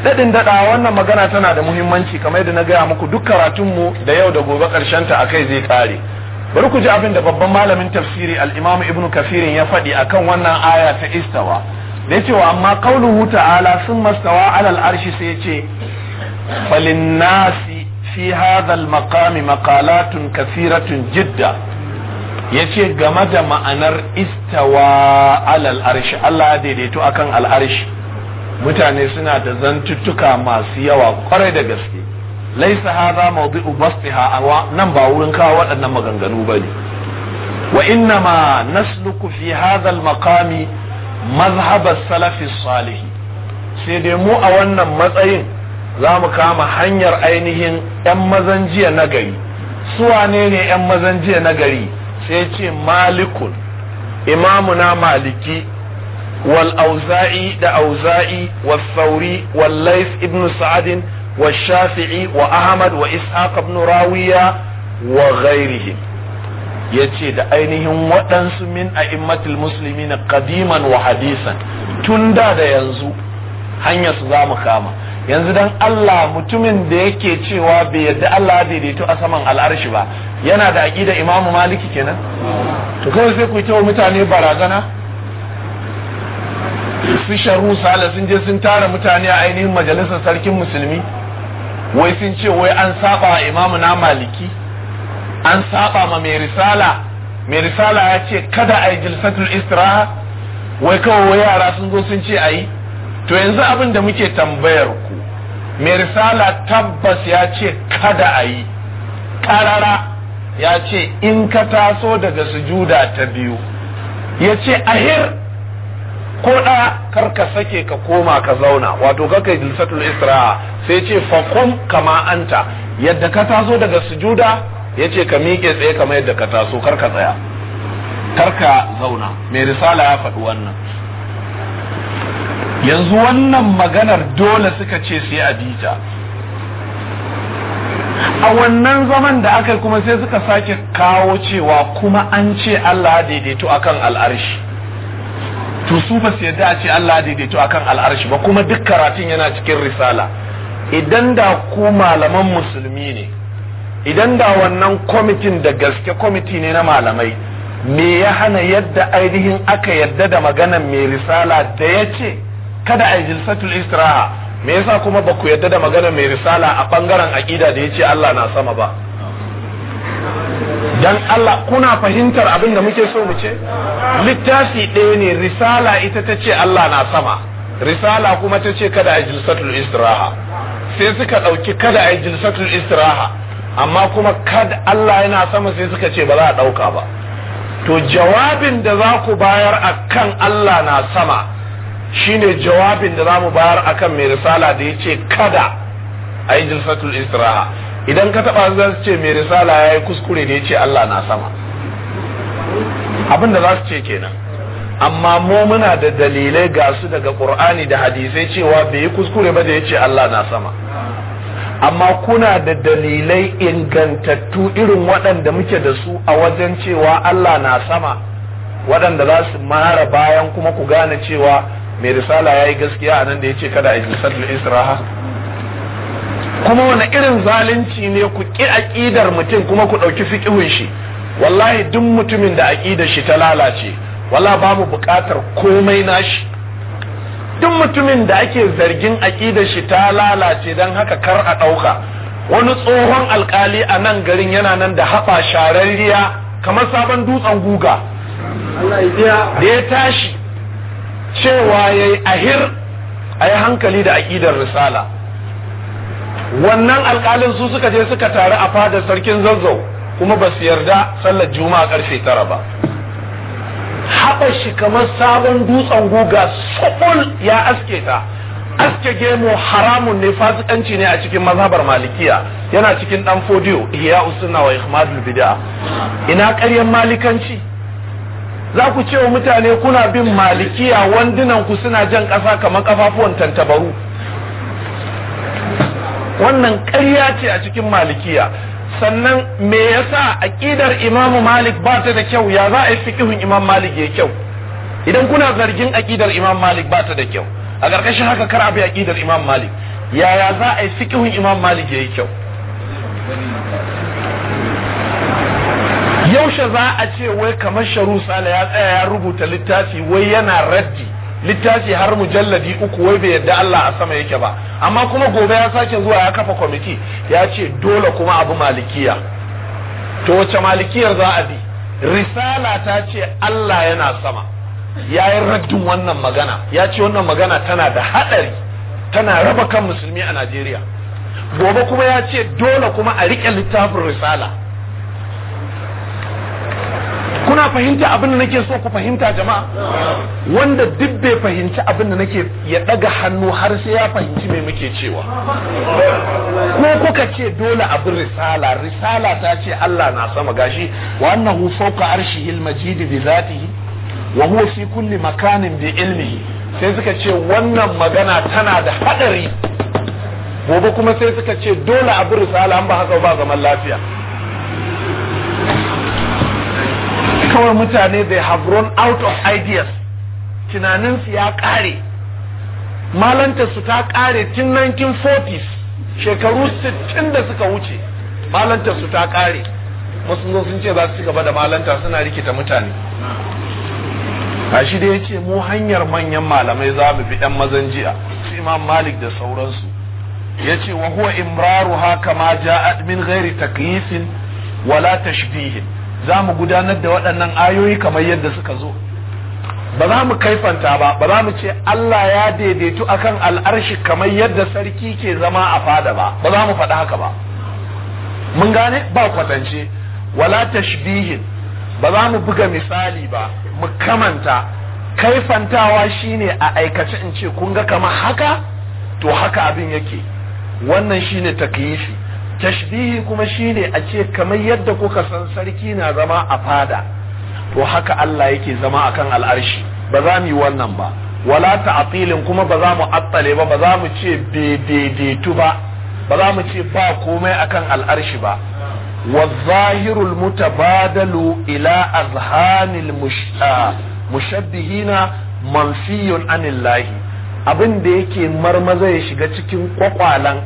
daɗin daɗa wannan magana tana da muhimmanci kamar yadda na gaya muku duk karatunmu da yau da gobe karshen ta akai zai kare. bari ku ji abin da babban malamin tafsiri al-imam ibn kafirin ya faɗi akan wannan aya ta istawa da amma qauluhu ta'ala sun mastawa alal sai yace falinnasi fi hadha al-maqam maqalatun kathiratun jidda yace game da ma'anar istawa alal Allah ya daidaito akan al-arshi mutane suna da zantuttuka masu yawa kwarai da gaske laisa hadha mawdi'u bastiha awa nan ba wurin kawo waɗannan maganganu bane wa inna ma nasluku fi hadha al-maqami mazhab as-salaf salih sai dai mu a wannan matsayin za mu kama hanyar ainihin yan mazan jiya na gari su wane ne yan mazan jiya na gari sai ce malikun imamuna maliki wal auza'i da auza'i wasauri sauri wal ibn sa'adin wa shafi'i wa ahmad wa ishaq ibn rawiya wa ghairihi yace da ainihin waɗansu min a'immatul muslimin qadiman wa hadisan tun da da yanzu hanyar su za kama yanzu dan Allah mutumin da yake cewa bai yarda Allah daidaito a saman al'arshi ba yana da aqida Imam Maliki kenan to kawai sai ku wa mutane barazana su sharu sala sun je sun tara mutane a ainihin majalisar sarkin musulmi wai sun ce wai an saba wa imamu na maliki an saba ma mai risala mai risala ya ce kada a yi jilsatul istiraha wai kawai wai yara sun zo sun ce a yi to yanzu abin da muke tambayar ku mai risala tabbas ya ce kada a yi karara ya ce in ka taso daga sujuda ta biyu ya ce ahir ko da kar ka sake ka koma ka zauna wato ka kai jilsatul isra'a sai ce faqum kama anta yadda ka taso daga sujuda yace ka miƙe tsaye kama yadda ka taso kar ka tsaya kar ka zauna mai risala ya faɗi wannan yanzu wannan maganar dole suka ce sai a bita a wannan zaman da aka kuma sai suka sake kawo cewa kuma an ce Allah daidaito akan al'arshi to su ba su yadda a ce Allah daidaito akan al'arshi ba kuma duk karatun yana cikin risala idan da ku malaman musulmi ne idan da wannan kwamitin da gaske kwamiti ne na malamai me ya hana yadda ainihin aka yadda da maganan mai risala da ya ce kada a jilsatul istiraha me yasa kuma ba ku yadda da maganar mai risala a ɓangaren aƙida da ya ce Allah na sama ba dan Allah kuna fahimtar abin da muke so mu ce littafi ɗaya ne risala ita ta ce Allah na sama risala kuma ta ce kada a jilsatul istiraha sai suka ɗauki kada a jilsatul istiraha amma kuma kada Allah yana sama sai suka ce ba za a ɗauka ba to jawabin da za ku bayar a kan Allah na sama shine jawabin da za mu bayar a kan mai risala da ya ce kada a yi jilsatul istiraha idan ka taba za su ce mai risala ya yi kuskure ne ce Allah na sama abin za su ce kenan amma mu muna da dalilai ga su daga qur'ani da hadisai cewa bai yi kuskure ba da ya ce Allah na sama amma kuna da dalilai ingantattu irin waɗanda muke da su a wajen cewa Allah na sama waɗanda za su mara bayan kuma ku gane cewa mai risala ya yi gaskiya a nan da ya ce kada a yi Israha? kuma wani irin zalunci ne ku ki aƙidar mutum kuma ku ɗauki fiƙihun shi wallahi duk mutumin da aƙidar shi ta lalace wala ba mu buƙatar komai nashi duk mutumin da ake zargin aƙidar shi ta lalace don haka kar a ɗauka wani tsohon alƙali a nan garin yana nan da haɓa shararriya kamar sabon dutsen guga da ya tashi cewa ya yi ahir a yi hankali da aƙidar risala wannan alkalin su suka je suka taru a fadar sarkin zazzau kuma ba su yarda sallar juma'a karfe tara ba haɓa shi kamar sabon dutsen guga sukul ya aske ta aske gemu haramun ne fasikanci ne a cikin mazhabar malikiya yana cikin ɗan fodiyo ihya usunna wa ihmadul bid'a ina ƙaryar malikanci za ku ce wa mutane kuna bin malikiya wandunan ku suna jan ƙasa kamar ƙafafuwan tantabaru wannan ƙarya ce a cikin malikiya sannan me yasa aqidar imam malik ba ta da kyau ya za a yi fiqhun imam malik ya kyau idan kuna zargin aqidar imam malik ba ta da kyau a ƙarƙashin haka kar a bi aqidar imam malik ya ya za a yi fiqhun imam malik ya yi kyau yaushe za a ce wai kamar sharu sala ya tsaya ya rubuta littafi wai yana raddi littafi har mujalladi uku wai bai yadda Allah a sama yake ba amma kuma gobe ya sake zuwa ya kafa kwamiti ya ce dole kuma abu malikiya to wace malikiyar za a bi risala ta ce Allah yana sama ya yi raddin wannan magana ya ce wannan magana tana da haɗari tana raba kan musulmi a Najeriya gobe kuma ya ce dole kuma a rike littafin risala fahimta abin da nake so ku fahimta jama'a wanda duk bai fahimci abin da nake ya daga hannu har sai ya fahimci mai muke cewa ko kuka ce dole abin risala risala ta ce Allah na sama gashi wa annahu fawqa arshihil majid bi zatihi wa huwa fi kulli makanin bi ilmihi sai suka ce wannan magana tana da hadari gobe kuma sai suka ce dole abin risala an ba haka ba zaman lafiya kawai mutane they have run out of ideas tunaninsu ya kare malantarsu ta kare tun 1940s shekaru 60 da suka wuce malantarsu ta kare musu zo sun ce za su gaba da malanta suna rikita mutane a shi da ya ce mu hanyar manyan malamai za mu bi ɗan mazan jiya su imam malik da sauransu ya ce wa huwa imraru haka ma ja'ad min ghairi taklifin wala tashbihin za mu gudanar da waɗannan ayoyi kamar yadda suka zo ba za mu kaifanta ba ba za mu ce Allah ya daidaitu akan al'arshi kamar yadda sarki ke zama a fada ba ba za mu faɗi haka ba mun gane ba kwatance wala tashbihin ba za mu buga misali ba mu kamanta kaifantawa shine a aikace in ce kun ga kamar haka to haka abin yake wannan shine takyifi tashbihi kuma shine a ce kamar yadda kuka san sarki na zama a fada to haka Allah yake zama akan al'arshi ba za mu yi wannan ba wala ta'tilin kuma ba za mu attale ba ba za mu ce daidaitu ba ba za mu ce ba komai akan al'arshi ba wa zahirul mutabadalu ila azhanil mushabbihina manfiyun anillahi abin da yake marmaza ya shiga cikin kwakwalan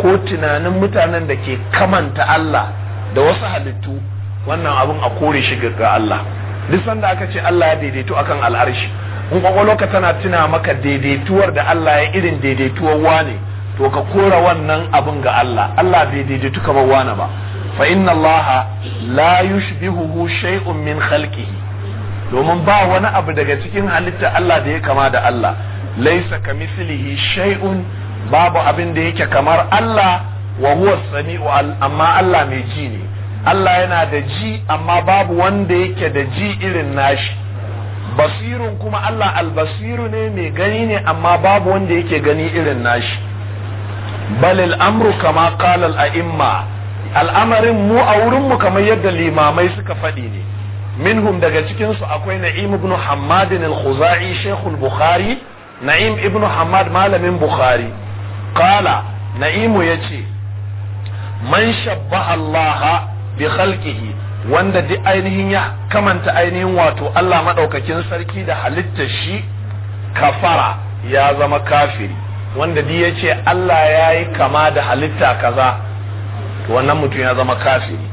ko tunanin mutanen da ke kamanta Allah da wasu halittu wannan abin a kore shi ga Allah duk sanda aka ce Allah ya daidaitu akan al'arshi in ka tana tuna maka daidaituwar da Allah ya irin daidaituwar wane to ka kora wannan abin ga Allah Allah bai daidaitu kamar wane ba fa inna Allah la yushbihuhu shay'un min khalqihi domin ba wani abu daga cikin halitta Allah da ya kama da Allah laisa kamithlihi shay'un babu abin da yake kamar Allah wa huwa sami'u amma Allah mai ji ne Allah yana da ji amma babu wanda yake da ji irin nashi basirun kuma Allah albasiru ne mai gani ne amma babu wanda yake gani irin nashi balil amru kama qala al a'imma al'amarin mu a wurin mu kamar yadda limamai suka faɗi ne minhum daga cikin su akwai na'im ibn hammad al-khuzai shaykh al-bukhari na'im ibn hammad malamin bukhari qala na'imu yace man shabbaha allaha bi wanda duk ainihin ya kamanta ainihin wato Allah maɗaukakin sarki da halitta shi kafara ya zama kafiri wanda duk ce Allah yayi kama da halitta kaza to wannan mutum ya zama kafiri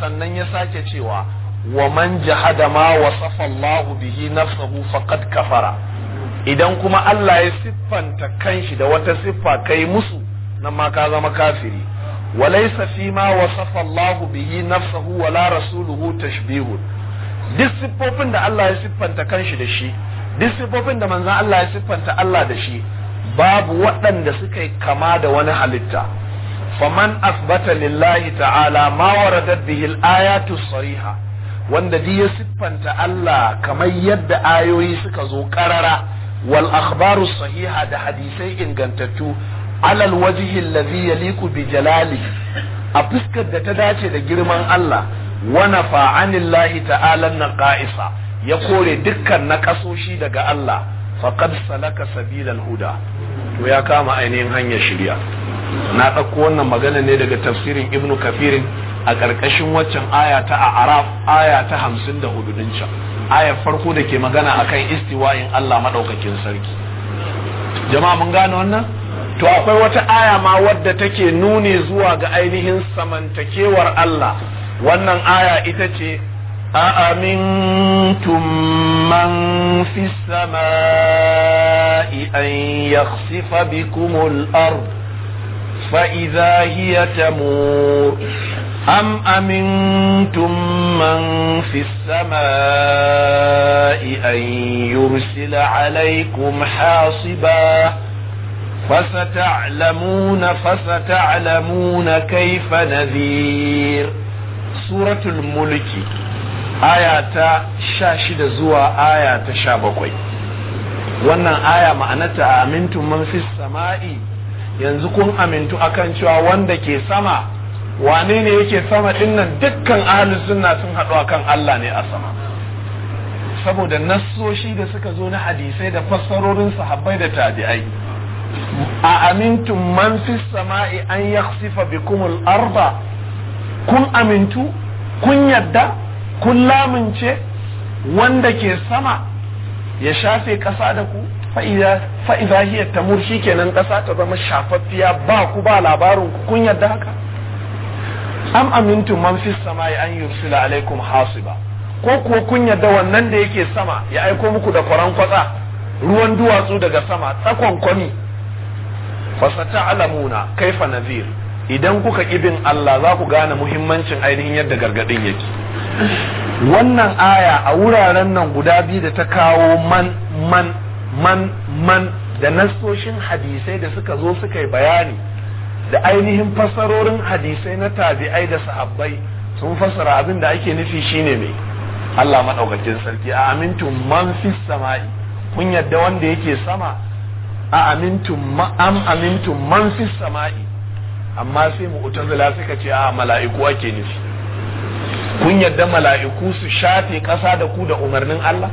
sannan ya sake cewa wa man jahada ma wasafa Allah bihi nafsuhu faqad kafara idan kuma Allah ya siffanta kanshi da wata siffa kai musu nan ma ka zama kafiri walaysa fi ma wasafa Allah bihi nafsahu wala rasuluhu tashbihun duk siffofin da Allah ya siffanta kanshi da shi duk siffofin da manzon Allah ya siffanta Allah da shi babu waɗanda suka yi kama da wani halitta faman asbata lillahi ta'ala ma waradat bihi al-ayatu sariha wanda duk ya siffanta Allah kamar yadda ayoyi suka zo karara wal akhbaru sahiha da hadisai ingantattu alal wajhi allazi yaliku bi jalali a fuskar da ta dace da girman Allah wa nafa ta'alan ta'ala naqaisa ya kore dukkan nakasoshi daga Allah faqad salaka sabilal huda to ya kama ainihin hanyar shirya na ɗauko wannan magana ne daga tafsirin ibnu kafirin a ƙarƙashin waccan ayata a araf ayata hamsin da hudu can ayar farko da ke magana a kan istiwayin Allah maɗaukakin sarki jama'a mun gane wannan to akwai wata aya ma wadda take nuni zuwa ga ainihin samantakewar Allah wannan aya ita ce أأمنتم من في السماء أن يخسف بكم الأرض فإذا هي تمور أم أمنتم من في السماء أن يرسل عليكم حاصبا فستعلمون فستعلمون كيف نذير سورة الملك آية شاشد زوى آية شابقوي wannan aya ma'anata amintun man fi sama'i yanzu kun amintu akan cewa wanda ke sama wane ne yake sama dinnan dukkan ahlus sunna sun haɗu kan Allah ne a sama saboda nasoshi da suka zo na hadisai da fassarorin sahabbai da tabi'ai a amintum man fi sama'i an yakhsifa bikumul arba. kun amintu kun yadda kun lamince wanda ke sama ya shafe ƙasa da ku Fa'izahiyar ta tamur shi kenan ƙasa ta zama shafaffiya ba ku ba labarin ku kun yadda haka am amintu man fis samai an yursila alaikum hasiba ko kuwa kun yadda wannan da yake sama ya aiko muku da kwaran kwatsa ruwan duwatsu daga sama tsakon kwami fasata alamuna kaifa nazir idan kuka ibin Allah za ku gane muhimmancin ainihin yadda gargadin yake wannan aya a wuraren nan guda biyu da ta kawo man man man man da nasoshin hadisai da suka zo suka yi bayani da ainihin fassarorin hadisai na tabi'ai da sahabbai sun fassara abin da ake nufi shine mai Allah maɗaukakin sarki a amintun man fi sama'i kun yadda wanda yake sama a amintun am amintun man fi sama'i amma sai mu utazila suka ce a mala'iku ake nufi kun yadda mala'iku su shafe ƙasa da ku da umarnin Allah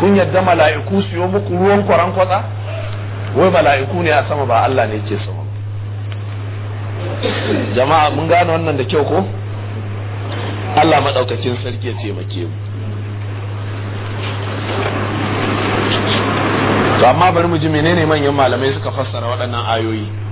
kun yadda mala'iku su yi muku ruwan kwaran kwatsa wai mala'iku ne a sama ba Allah ne ke sama jama'a mun gane wannan da kyau ko Allah maɗaukacin sarki ya taimake mu to amma bari mu ji menene manyan malamai suka fassara waɗannan ayoyi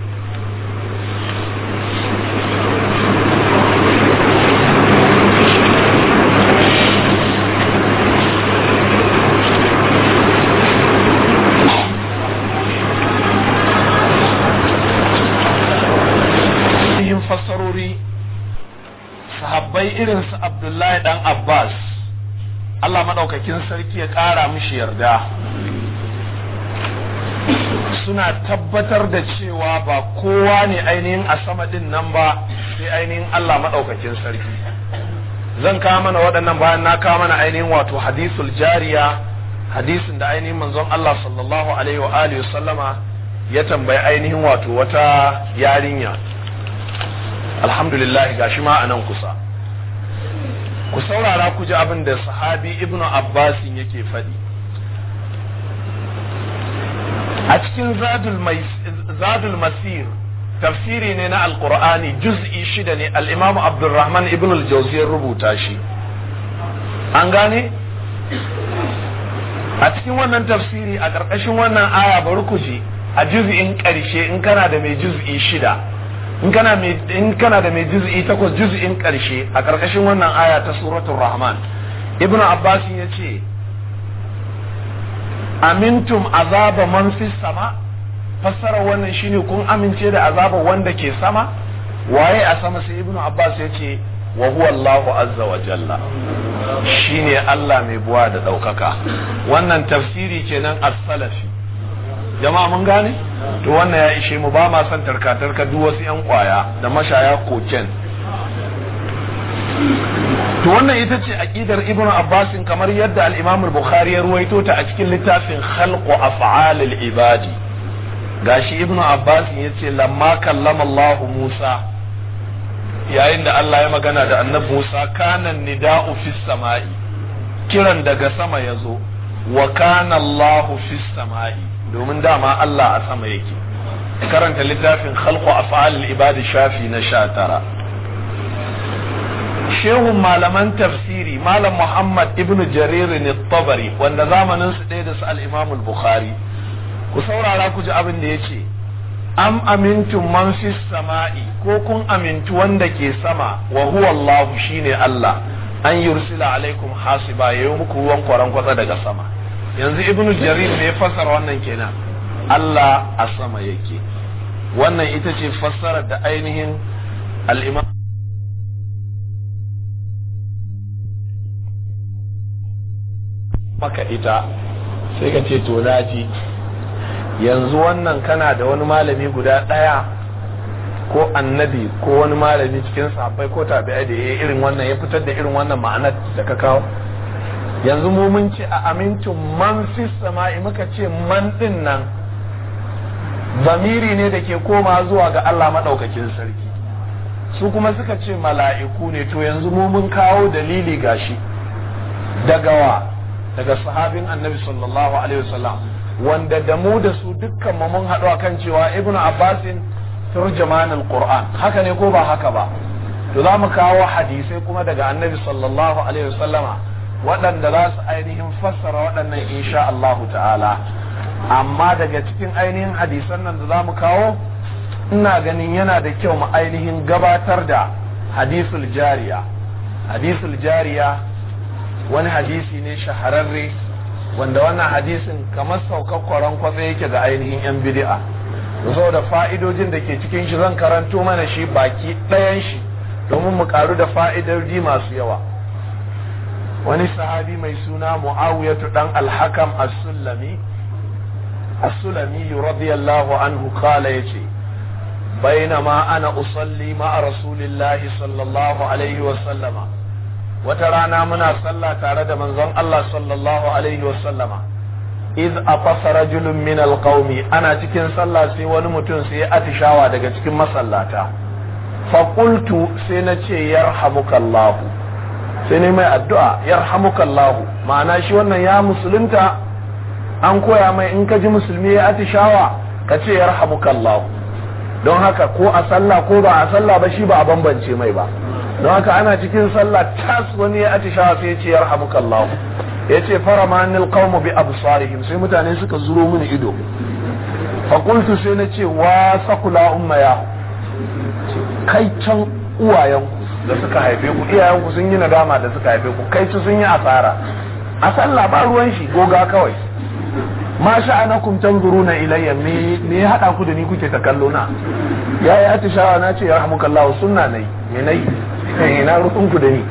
abdullahi dan abbas allah maɗaukakin sarki ya ƙara mishi yarda suna tabbatar da cewa ba kowa ne ainihin a sama din nan ba sai ainihin allah maɗaukakin sarki zan kawo mana waɗannan bayan na kawo mana ainihin wato hadisul jariya hadisin da ainihin manzon allah sallallahu alaihi wa alihi sallama ya tambayi ainihin wato wata yarinya alhamdulillah gashi ma a nan kusa ku saurara ku ji abin da sahabi ibn abbasin yake faɗi a cikin zadul masir tafsiri ne na alkur'ani juz'i shida ne al'imamu abdulrahman ibn al rubuta shi an gane a cikin wannan tafsiri a ƙarƙashin wannan aya bari ku ji a juz'in ƙarshe in kana da mai juz'i shida in kana da mai juz'i takwas juz'in ƙarshe, a ƙarƙashin wannan aya ta suratul rahman ibn abbas ya ce amintum azaba man fi sama fassara wannan shine kun amince da azaba wanda ke sama waye a sama sai ibn abbas ya ce wa huwa Allahu azza wa jalla shine Allah mai buwa da ɗaukaka. wannan tafsiri kenan as-salafi jama'a mun gane to wannan ya ishe mu ba ma son tarka-tarka duk wasu yan kwaya da mashaya koken to wannan ita ce aqidar ibnu abbasin kamar yadda al-imam al-bukhari ya ruwaito ta a cikin littafin khalqu af'al al-ibadi gashi ibnu abbasin yace lamma kallama Allah Musa yayin da Allah ya magana da annabi Musa kana nida'u fis sama'i kiran daga sama yazo wa kana Allah fis sama'i domin dama Allah a sama yake karanta littafin khalqu af'al ibadi shafi na sha tara shehun malaman tafsiri malam muhammad ibn jarir ne tabari wanda zamanin su ɗaya da su al-imam bukhari ku saurara ku ji abin da yace am amintum man fis sama'i ko kun amintu wanda ke sama wa huwa allah shine allah an yursila alaikum hasiba yi muku ruwan kwaran kwatsa daga sama yanzu ibnu jarir ne ya fassara wannan kenan Allah a sama yake wannan ita ce fassara da ainihin al-imam maka ita sai ka ce to ji yanzu wannan kana da wani malami guda ɗaya ko annabi ko wani malami cikin sahabbai ko tabi'a da ya irin wannan ya fitar da irin wannan ma'anar da ka kawo yanzu mu mun ci a amintun man fi sama'i muka ce man din nan zamiri ne da ke koma zuwa ga Allah maɗaukakin sarki su kuma suka ce mala'iku ne to yanzu mu mun kawo dalili gashi daga wa daga sahabin annabi sallallahu alaihi wasallam wanda da mu da su dukkan mu mun haɗu kan cewa ibnu abbasin turjaman alquran haka ne ko ba haka ba to za mu kawo hadisai kuma daga annabi sallallahu alaihi wasallama waɗanda za su ainihin fassara waɗannan insha Allah ta'ala amma daga cikin ainihin hadisan nan da za mu kawo ina ganin yana da kyau mu ainihin gabatar da hadisul jariya hadisul jariya wani hadisi ne shahararre wanda wannan hadisin kamar saukar kwaron kwatsa yake ga ainihin yan bidi'a da fa'idojin da ke cikin shi zan karanto mana shi baki ɗayan shi domin mu karu da fa'idoji masu yawa wani sahabi mai suna mu'awiyatu dan alhakam hakam as-sulami as-sulami radiyallahu anhu kala yace bainama ana usalli ma'a rasulillahi sallallahu alaihi wa sallama wata rana muna sallah tare da manzon Allah sallallahu alaihi wa sallama iz a rajulun min alqaumi ana cikin sallah sai wani mutum sai ya atishawa daga cikin masallata fa qultu sai na ce yarhamukallahu sai ne mai addu'a yarhamukallahu ma'ana shi wannan ya musulunta an koya mai in ka ji musulmi ya atishawa ka ce yarhamukallahu don haka ko a sallah ko ba a sallah ba shi ba a bambance mai ba don haka ana cikin sallah tas wani ya atishawa sai ya ce yarhamukallahu ya ce fara ma'anil qawmu bi absarihim sai mutane suka zuro mini ido fa sai na ce wa sakula umma ya kai can uwayen da suka haife ku iyayenku sun yi nadama da suka haife ku kai ci sun yi asara a san shi goga kawai ma sha'anakum tanzuruna ilayya me me ya hada ku da ni kuke ta kallo na ya atishawa na ce yarhamukallahu sunna nayi me nayi ina eh, rukun ku da ni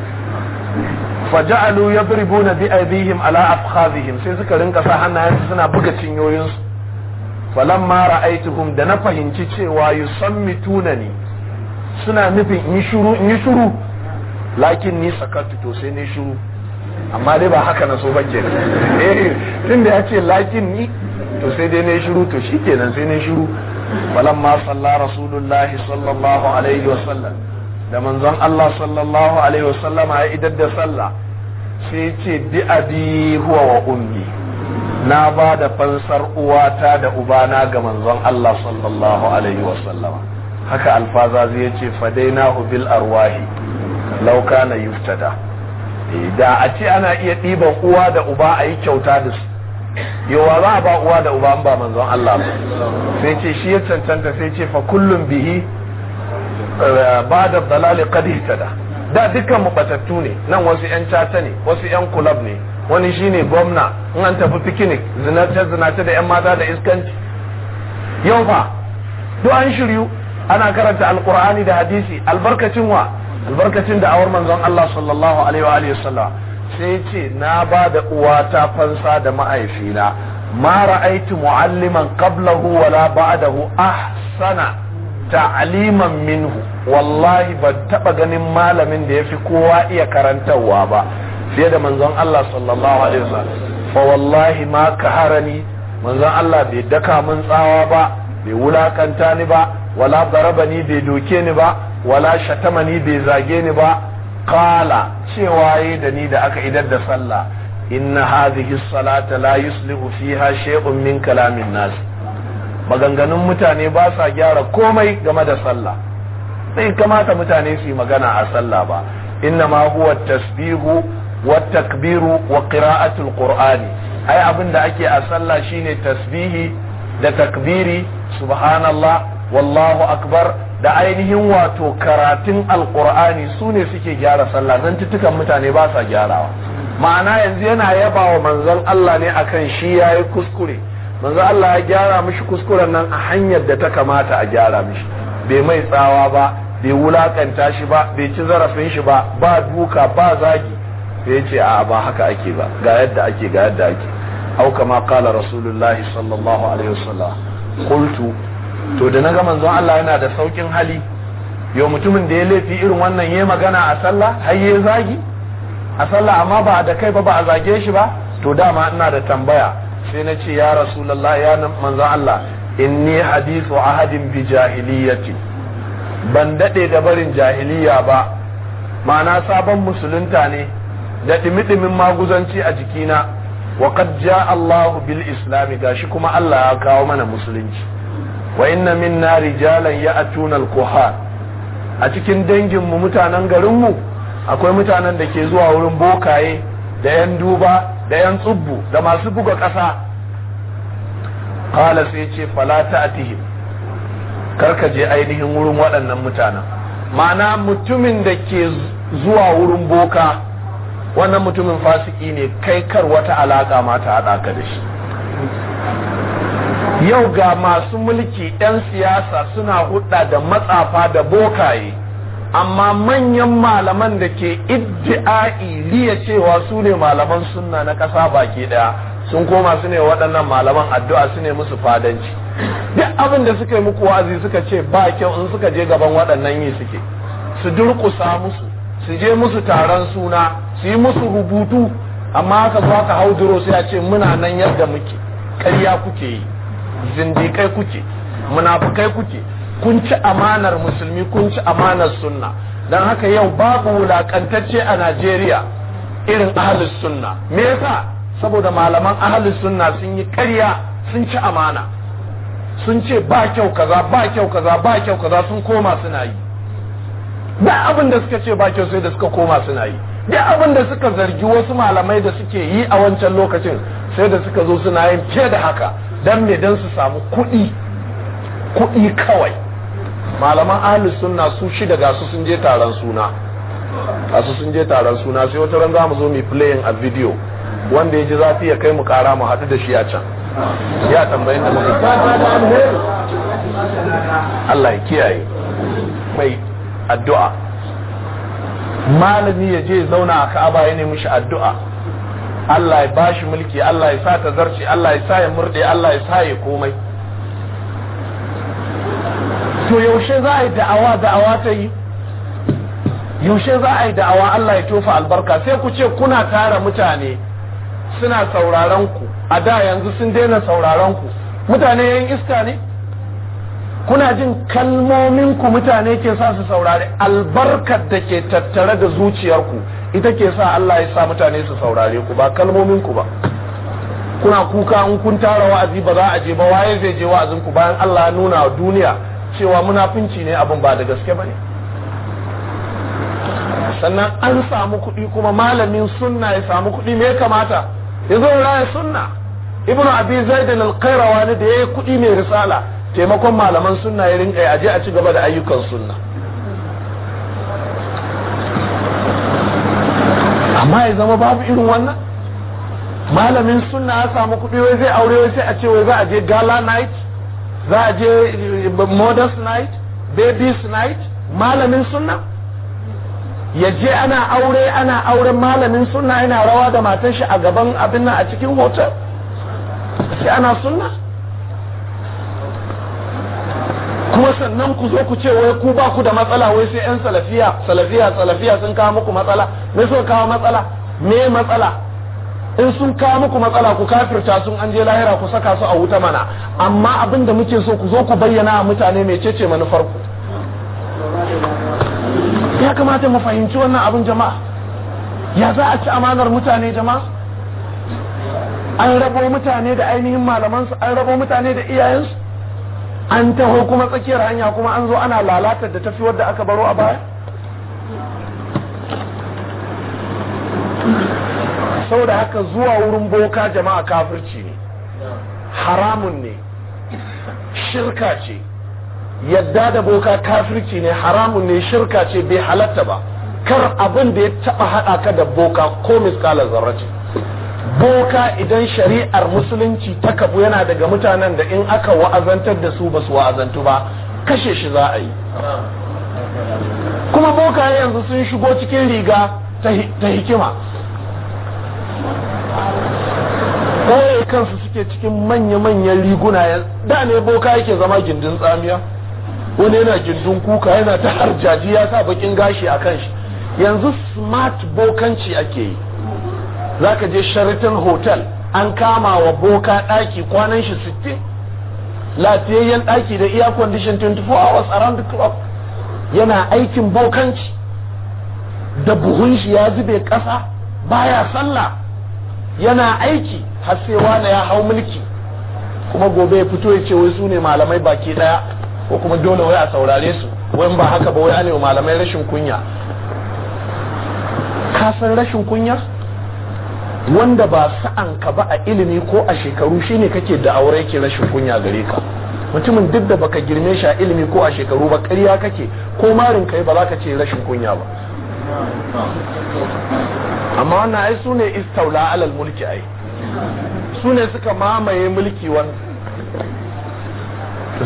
faja'alu yadribuna bi aydihim ala afkhadhihim sai suka rinka sa hannayensu suna buga su falamma ra'aituhum da na fahimci cewa yusammituna ni suna nufin in shuru in yi shuru lakin ni sakatu to sai ni shuru amma dai ba haka na so ba ke eh, tun da ya ce lakin ni to sai dai ne shuru to shikenan sai shuru shiru ma salla rasulullahi sallallahu alaihi wa sallam da manzon Allah sallallahu alaihi wa sallam ya idar da sallah sai ce bi abi huwa wa ummi na ba da fansar uwata da ubana ga manzon Allah sallallahu alaihi wa sallama haka alfaza zai ce fadainahu bil arwahi lauka kana yuftada eh, da a ce ana iya ɗiban uwa da uba a yi kyauta da su yawa za a ba uwa da uba an ba manzon Allah ba sai ce shi ya cancanta sai ce fa kullum bihi eh, ba da dalali qad ihtada da dukkan mu ne nan wasu yan cata ne wasu yan kulab ne wani shine gwamna in an tafi fikinik zinace zinace da yan mata da iskanci yau fa duk an shiryu ana karanta alkur'ani da hadisi albarkacin wa albarkacin awar manzon Allah sallallahu alaihi wa alihi sai ce na ba da uwata fansa da ma'aifina ma ra'aitu mu'alliman qablahu wala ba'dahu ahsana ta'aliman minhu wallahi ban taba ganin malamin da yafi kowa iya karantarwa ba fiye da manzon Allah sallallahu alaihi sallam. fa wallahi ma kaharani manzon Allah bai daka mun tsawa ba bai wulakanta ni ba wala darabani bai doke ni ba wala shatamani bai zage ni ba kala cewa yi da ni da aka idar da sallah inna hadhihi salata la yuslihu fiha shay'un min kalamin nas maganganun mutane ba sa gyara komai game da sallah sai kamata mutane su yi magana a sallah ba inna ma huwa tasbihu wa takbiru wa qira'atul qur'ani ai abin da ake a sallah shine tasbihi da takbiri subhanallah wallahu akbar da ainihin wato karatun alkur'ani su ne suke gyara sallah zan tutukan mutane ba sa gyarawa ma'ana yanzu yana yaba wa manzon Allah ne akan shi ya yi kuskure manzon Allah ya gyara mishi kuskuren nan a hanyar da ta kamata a gyara mishi bai mai tsawa ba bai wulakanta shi ba bai ci zarafin shi ba ba duka ba zagi sai ce a ba haka ake ba ga yadda ake ga yadda ake Auka kama kala rasulullahi sallallahu alaihi wasallam qultu to da naga manzon Allah yana da saukin hali yau mutumin da ya laifi irin wannan ya magana a sallah har ya zagi a sallah amma ba da kai ba ba a zage shi ba to dama ina da tambaya sai na ce ya rasulullah ya manzon Allah inni hadithu ahadin bi jahiliyyati ban dade da barin jahiliya ba ma'ana sabon musulunta ne da dimi-dimin maguzanci a jikina wa Allahu bil islam gashi kuma Allah ya kawo mana musulunci wa inna minna ya a al kuhan a cikin dangin mu mutanen garin mu akwai mutanen da ke zuwa wurin bokaye da yan duba da yan tsubbu da masu buga ƙasa qala sai ce fala Kar karka je ainihin wurin waɗannan mutanen ma'ana mutumin da ke zuwa wurin boka wannan mutumin fasiki ne kai kar wata alaka ma ta hada ka da shi yau ga masu mulki 'yan siyasa suna hudda da matsafa da bokaye amma manyan malaman da ke iddi'a'i liya cewa su ne malaman sunna na ƙasa baki ɗaya sun koma su ne waɗannan malaman addu'a su ne musu fadanci duk abin da suka yi muku wazi suka ce ba kyau in suka je gaban waɗannan yi suke su durƙusa musu su je musu taron suna su yi musu rubutu amma ka zo ka hau duro sai a ce muna nan yadda muke ƙarya kuke yi zindikai kuke munafukai kuke kun ci amanar musulmi kun ci amanar sunna don haka yau babu wulakantacce a najeriya irin ahalus sunna me yasa saboda malaman ahalus sunna sun yi ƙarya sun ci amana sun ce ba kyau kaza ba kyau kaza ba kyau kaza sun koma suna yi da abin da suka ce ba kyau sai da suka koma suna yi duk abin da suka zargi wasu malamai da suke yi a wancan lokacin sai da suka zo suna yin fiye da haka dan me don su samu kuɗi kuɗi kawai malaman ahli sunna su shida ga su sun je taron suna a su sun je taron suna sai wata ran za mu zo mu playing a video wanda ya ji zafi ya kai mu kara mu haɗu da shi a can ya tambayin da muka Allah ya kiyaye mai addu'a malami ya je zauna a ka'aba ya nemi shi addu'a Allah ya bashi mulki Allah ya sa ta zarce Allah ya sa ya murde Allah ya sa ya komai to yaushe za a yi da'awa da'awa ta yi yaushe za a yi da'awa Allah ya tofa albarka sai ku ce kuna tara mutane suna sauraron ku a da yanzu sun daina sauraron ku mutane yan iska ne kuna jin kalmomin ku mutane ke sa su saurari albarkar da ke tattare da zuciyarku ita ke sa Allah ya sa mutane su saurare ku ba kalmomin ku ba kuna kuka in kun tara wa'azi ba za a je ba waye zai je wa'azin ku bayan Allah ya nuna wa duniya cewa munafinci ne abin ba da gaske bane sannan an samu kuɗi kuma malamin sunna ya samu kuɗi me kamata ya zo raya sunna ibnu abi zaid al-qayrawani da yayi kuɗi mai risala taimakon malaman sunna ya rinka aje a ci gaba da ayyukan sunna amma ya zama babu irin wannan malamin sunna ya samu kuɗi wai zai aure wai sai a ce wai za a je gala night za a je eh, mothers night babies night malamin sunna ya je ana aure ana auren malamin sunna yana rawa da matan shi a gaban abin nan a cikin hotel sai ana sunna kuma sannan ku zo ku ce wai ku ba ku da matsala wai sai yan salafiya salafiya salafiya sun kawo muku matsala me suka kawo matsala me matsala in sun kawo muku matsala ku kafirta sun an je lahira ku saka su a wuta mana amma abin da muke so ku zo ku bayyana a mutane mecece manufar ku ya kamata mu fahimci wannan abin jama'a ya za a ci amanar mutane jama'a an rabo mutane da ainihin malamansu an rabo mutane da iyayensu an taho kuma tsakiyar hanya kuma an zo ana lalatar da tafi wadda aka baro a baya Sau da haka zuwa wurin boka jama'a kafirci ne haramun ne shirka ce yadda da boka kafirci ne haramun ne shirka ce bai halatta ba kar abin da ya taba haɗa ka da boka ko miskalar ce. boka idan shari'ar musulunci ta kafu yana daga mutanen da in aka wa'azantar da su ba su wa'azantu ba kashe shi za a yi kuma boka yanzu sun shigo cikin riga ta hikima kawai kansu suke cikin manya-manyan riguna da ne boka yake zama gindin tsamiya wani yana gindin kuka yana ta harjaji ya sa bakin gashi a kan shi yanzu smart bokanci ake yi za ka je sharitin hotel an kama wa boka ɗaki kwanan shi 60 lafiyayyen ɗaki da iya condition 24 hours around the clock yana aikin bokanci da buhun shi ya zube ƙasa baya sallah yana aiki har sai ya hau mulki kuma gobe ya fito ya ce wai su ne malamai baki ɗaya ko kuma dole wai a saurare su wai ba haka ba wai ne malamai rashin kunya ka san rashin kunya? wanda ba sa'an ka ba a ilimi ko a shekaru shine kake da aure ke rashin kunya gare ka mutumin duk da baka girme shi a ilimi ko a shekaru ba ƙarya kake ko marin kai ba za ka ce rashin kunya ba amma wannan ai su ne istaula alal mulki ai su ne suka mamaye mulki wani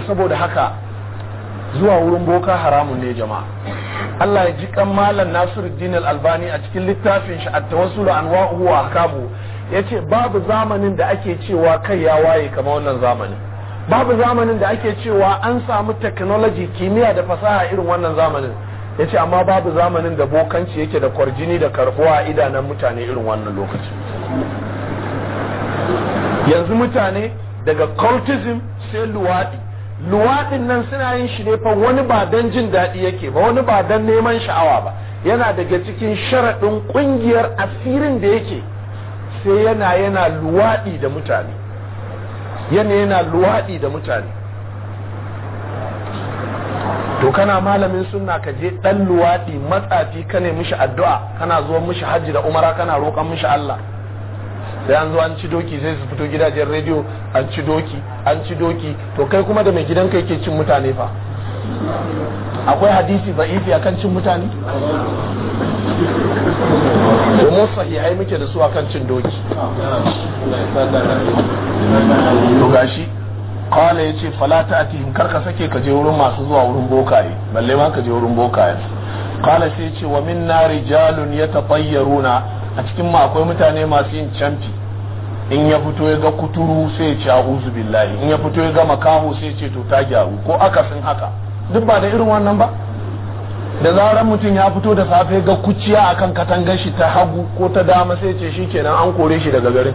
saboda haka zuwa wurin boka haramun ne jama'a Allah ya ji kan malam Nasiruddin Al-Albani a cikin littafin shi At-Tawassul Anwa'uhu wa Ahkamu yace babu zamanin da ake cewa kai ya waye kamar wannan zamanin babu zamanin da ake cewa an samu technology kimiyya da fasaha irin wannan zamanin yace amma babu zamanin da bokanci yake da kwarjini da karbuwa a mutane irin wannan lokacin. yanzu mutane daga cultism sai luwadi luwaɗin nan suna yin shi ne fa wani ba don jin daɗi yake ba wani ba don neman sha'awa ba yana daga cikin sharaɗin ƙungiyar asirin da yake sai yana yana luwaɗi da mutane yana yana luwaɗi da mutane to kana malamin sunna ka je ɗan luwaɗi matsafi ka ne mishi addu'a kana zuwa mishi hajji da umara kana roƙon mishi Allah sai an zo an ci doki sai su fito gidajen rediyo an ci doki an ci doki to kai kuma da mai kai ke cin mutane fa akwai hadisi za'ifi akan cin mutane domin sahihai muke da su akan cin doki to gashi kwana ya ce falata a tihim karka sake ka je wurin masu zuwa wurin bokaye balle ma ka je wurin bokaye kwana sai ce wa min na rijalun ya taɓayyaruna a cikin mu akwai mutane masu yin canfi in ya fito ya ga kuturu sai ya ce a'udhu billahi in ya fito ya ga makaho sai ya ce to ta gyaru ko akasin haka duk ba da irin wannan ba da zarar mutum ya fito da safe ga kuciya akan katangar shi ta hagu ko ta dama sai ce shi kenan an kore shi daga garin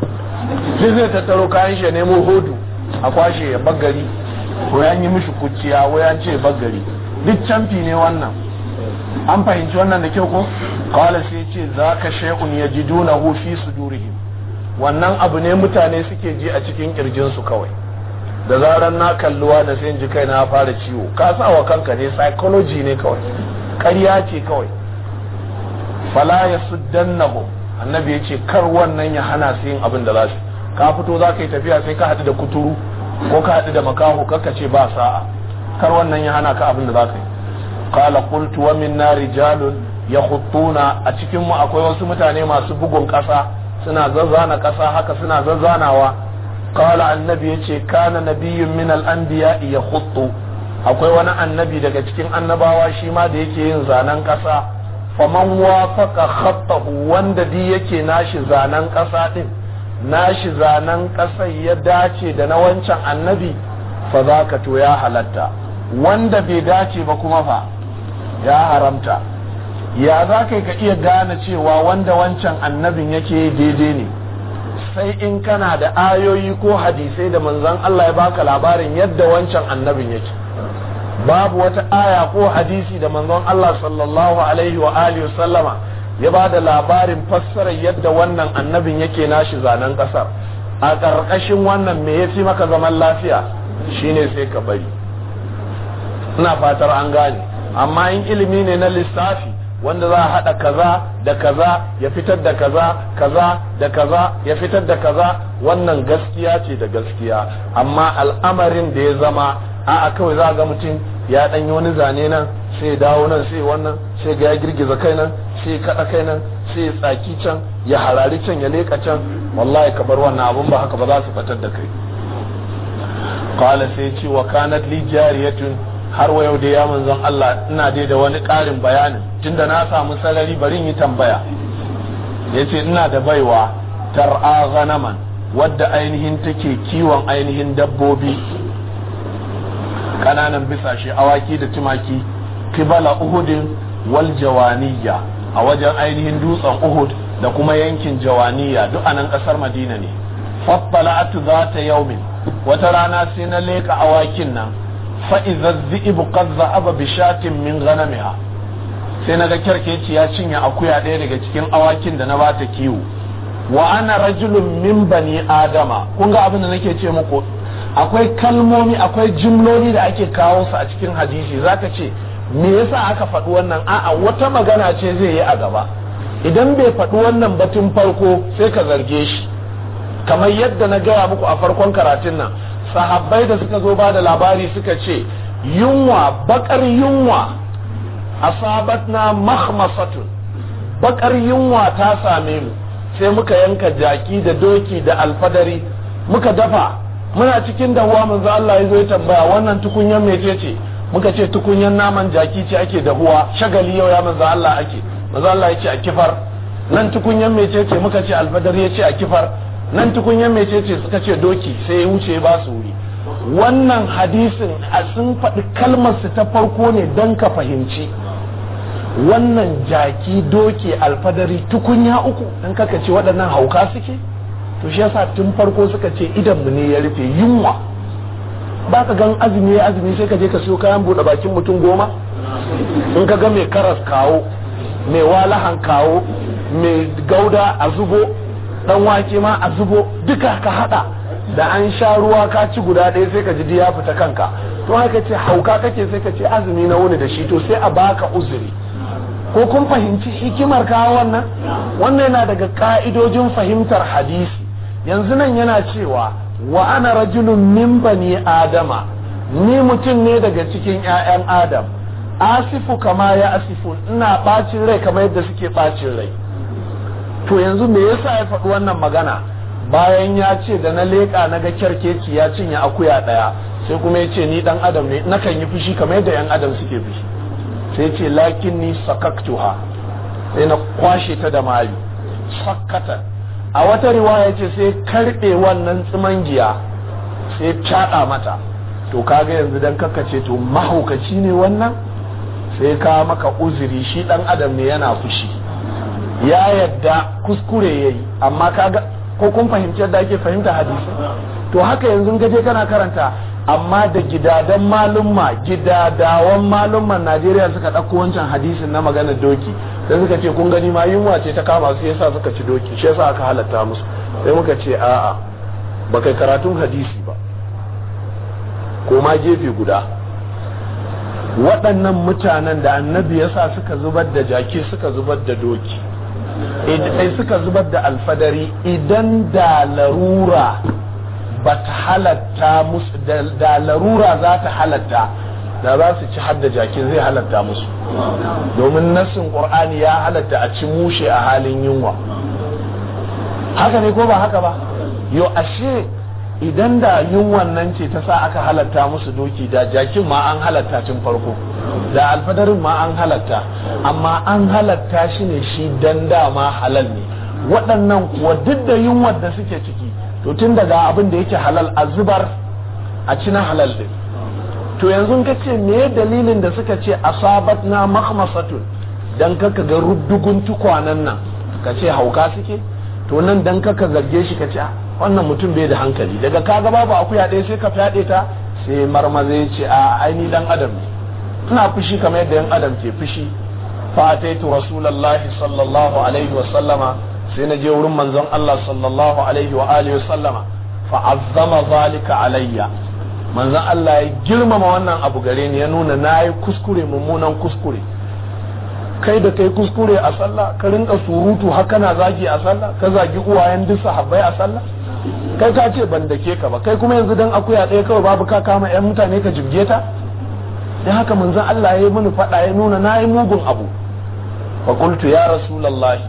sai zai tattaro kayan shi nemo hodu a kwashe ya bagari ko ya yi mishi kuciya ko ya ce bagari duk camfi ne wannan an fahimci wannan da kyau ko kawala sai ce za ka yace zaka shay'un yajidunahu fi sudurihim wannan abu ne mutane suke ji a cikin kirjinsu kawai da zaran na kalluwa da sai ji kai na fara ciwo ka sa wa kanka ne psychology ne kawai ƙarya ce kawai fala ya yasuddannahu annabi ya ce kar wannan ya hana su yin abin da za su ka fito za ka yi tafiya sai ka haɗu da kuturu ko ka haɗu da makaho ka ce ba sa'a kar wannan ya hana ka abin da za ka yi qala qultu wa minna rijalun yakhuttuna a cikin mu akwai wasu mutane masu bugun ƙasa suna zazzana ƙasa haka suna zazzanawa qala annabi yace kana nabiyyun min al-anbiya yakhuttu akwai wani annabi daga cikin annabawa shi ma da yake yin zanen kasa faman wafaka khattahu wanda di yake nashi zanen ƙasa din nashi zanen kasar ya dace da na wancan annabi fa zaka to ya halatta wanda bai dace ba kuma fa ya haramta ya za ka iya gane cewa wanda wancan annabin yake daidai ne sai in kana da ayoyi ko hadisai da manzan Allah ya baka labarin yadda wancan annabin yake babu wata aya ko hadisi da manzon Allah sallallahu alaihi wa alihi sallama ya ba da labarin fassarar yadda wannan annabin yake nashi zanen kasar a ƙarƙashin wannan me ya fi maka zaman lafiya shine sai ka bari ina fatar an gane amma in ilimi ne na lissafi wanda za a haɗa kaza da kaza ya fitar da kaza kaza da kaza ya fitar da kaza wannan gaskiya ce da gaskiya amma al'amarin da ya zama a'a kawai za a ga mutum ya ɗan wani zane nan sai dawo nan sai wannan sai ga ya girgiza kai nan sai kaɗa kai nan sai tsaki can ya harari can ya leƙa can wallahi ka bar wannan abun ba haka ba za su fitar da kai qala sai ce wa kanat li jariyatun har wa yau dai ya manzon Allah ina dai da wani ƙarin bayanin tunda na samu sarari bari yi tambaya yace ina da baiwa tar'a ghanaman wadda ainihin take kiwon ainihin dabbobi kananan bisashe awaki da tumaki kibala uhudin wal jawaniya a wajen ainihin dutsen uhud da kuma yankin jawaniya duk anan kasar madina ne fattala'atu za ta yaumin wata rana sai na leka awakin nan فإذا الذئب قد ذهب بشاة shatin min ghanamiha sai naga kyarkeci ya cinye akuya ɗaya daga cikin awakin da na bata kiwo wa ana rajulun min bani adama kun ga abin da nake ce muku akwai kalmomi akwai jimloli da ake kawo su a cikin hadisi zaka ce me yasa aka faɗi wannan a'a wata magana ce zai yi a gaba idan bai faɗi wannan batun farko sai ka zarge shi kamar yadda na gaya muku a farkon karatun nan sahabbai da suka zo ba da labari suka ce yunwa bakar yunwa asabatna mahmasatun bakar yunwa ta same mu sai muka yanka jaki da doki da alfadari muka dafa muna cikin dahuwa manzo Allah ya zo ya tambaya wannan tukunyar me ce muka ce tukunyar naman jaki ce ake dahuwa shagali yau ya manzo Allah ake manzo Allah ya ce a kifar nan tukunyar mece ce muka ce alfadari ya ce a kifar nan tukunyar mecece suka ce doki sai ya wuce ba su wuri wannan hadisin a sun faɗi kalmar su ta farko ne don ka fahimci wannan jaki doki alfadari tukunya uku don kaka ce waɗannan hauka suke to shi yasa tun farko suka ce idan mu ne ya rufe yunwa ba ka gan azumi azumi sai ka je ka siyo kayan buɗe bakin mutum goma in ka ga mai karas kawo mai walahan kawo mai gauda a zubo dan wake ma a zubo duka ka hada da an sha ruwa ka ci guda ɗaya sai ka ji ya fita kanka to haka ce hauka kake sai ka ce azumi na wuni da shi to sai a baka uzuri ko kun fahimci hikimar kawo wannan wannan yana daga ka'idojin fahimtar hadisi yanzu nan yana cewa wa ana rajulun min bani adama ni mutum ne daga cikin 'ya'yan adam asifu kama ya asifu ina bacin rai kamar yadda suke bacin rai to yanzu me yasa ya faɗi wannan magana bayan ya ce da na leƙa na ga kyarkeci ya cinye akuya ɗaya sai kuma ya ce ni ɗan adam ne na kan yi fushi kamar yadda yan adam suke fushi sai ce lakin ni sakaktuha sai na kwashe ta da mali sakkata a wata riwaya ce sai karɓe wannan tsimangiya sai caɗa mata to kaga yanzu dan kakace to mahaukaci ne wannan sai ka maka uzuri shi ɗan adam ne yana fushi ya yadda kuskure ya yi amma kaga ko kun fahimci yadda ake fahimta hadisi to haka yanzu gaje kana karanta amma da gidadan malumma gidadawan malumman najeriya suka ɗauko wancan hadisin na maganar doki sai suka ce kun gani ma yunwa ce ta kama su yasa suka ci doki shi yasa aka halatta musu sai muka ce a'a ba kai karatun hadisi ba ko ma gefe guda waɗannan mutanen da annabi yasa suka zubar da jaki suka zubar da doki sai suka zubar da alfadari idan da larura ba ta halatta musu da larura za ta halatta da za su ci hadda jakin zai halatta musu domin nassin qur'ani ya halatta a ci mushe a halin yunwa haka ne ko ba haka ba yo ashe idan da yunwan nan ce ta sa aka halatta musu doki da jakin ma an halatta tun farko da alfadarin ma an halatta amma an halatta shi ne shi dan ma halal ne waɗannan kuwa duk da yunwar da suke ciki to tun daga abin da yake halal a zubar a ci halal din to yanzu ka ce me dalilin da suka ce asabat na mahmasatun dan kaka ga ruddugun tukwanan nan ka ce hauka suke to nan dan kaka zarge shi ka ce ah, wannan mutum bai da hankali daga kaga babu akuya ɗaya sai ka fyaɗe ta sai marmaza ya ce a aini dan adam ne ina fushi kamar yadda yan adam ke fushi fa ataitu rasulullahi sallallahu alaihi wa sallama sai na je wurin manzon Allah sallallahu alaihi wa alihi wa sallama fa azzama zalika alayya manzon Allah ya girmama wannan abu gare ni ya nuna nayi kuskure mummunan kuskure kai da kai kuskure a sallah ka rinka surutu haka na zagi a sallah ka zagi uwayen duk sahabbai a sallah kai ka ce ban da ke ka ba kai kuma yanzu dan akuya ɗaya kawai babu ka kama yan mutane ka jibge ta dan haka manzon Allah ya yi mini fada ya nuna na yi mugun abu fa qultu ya rasulullahi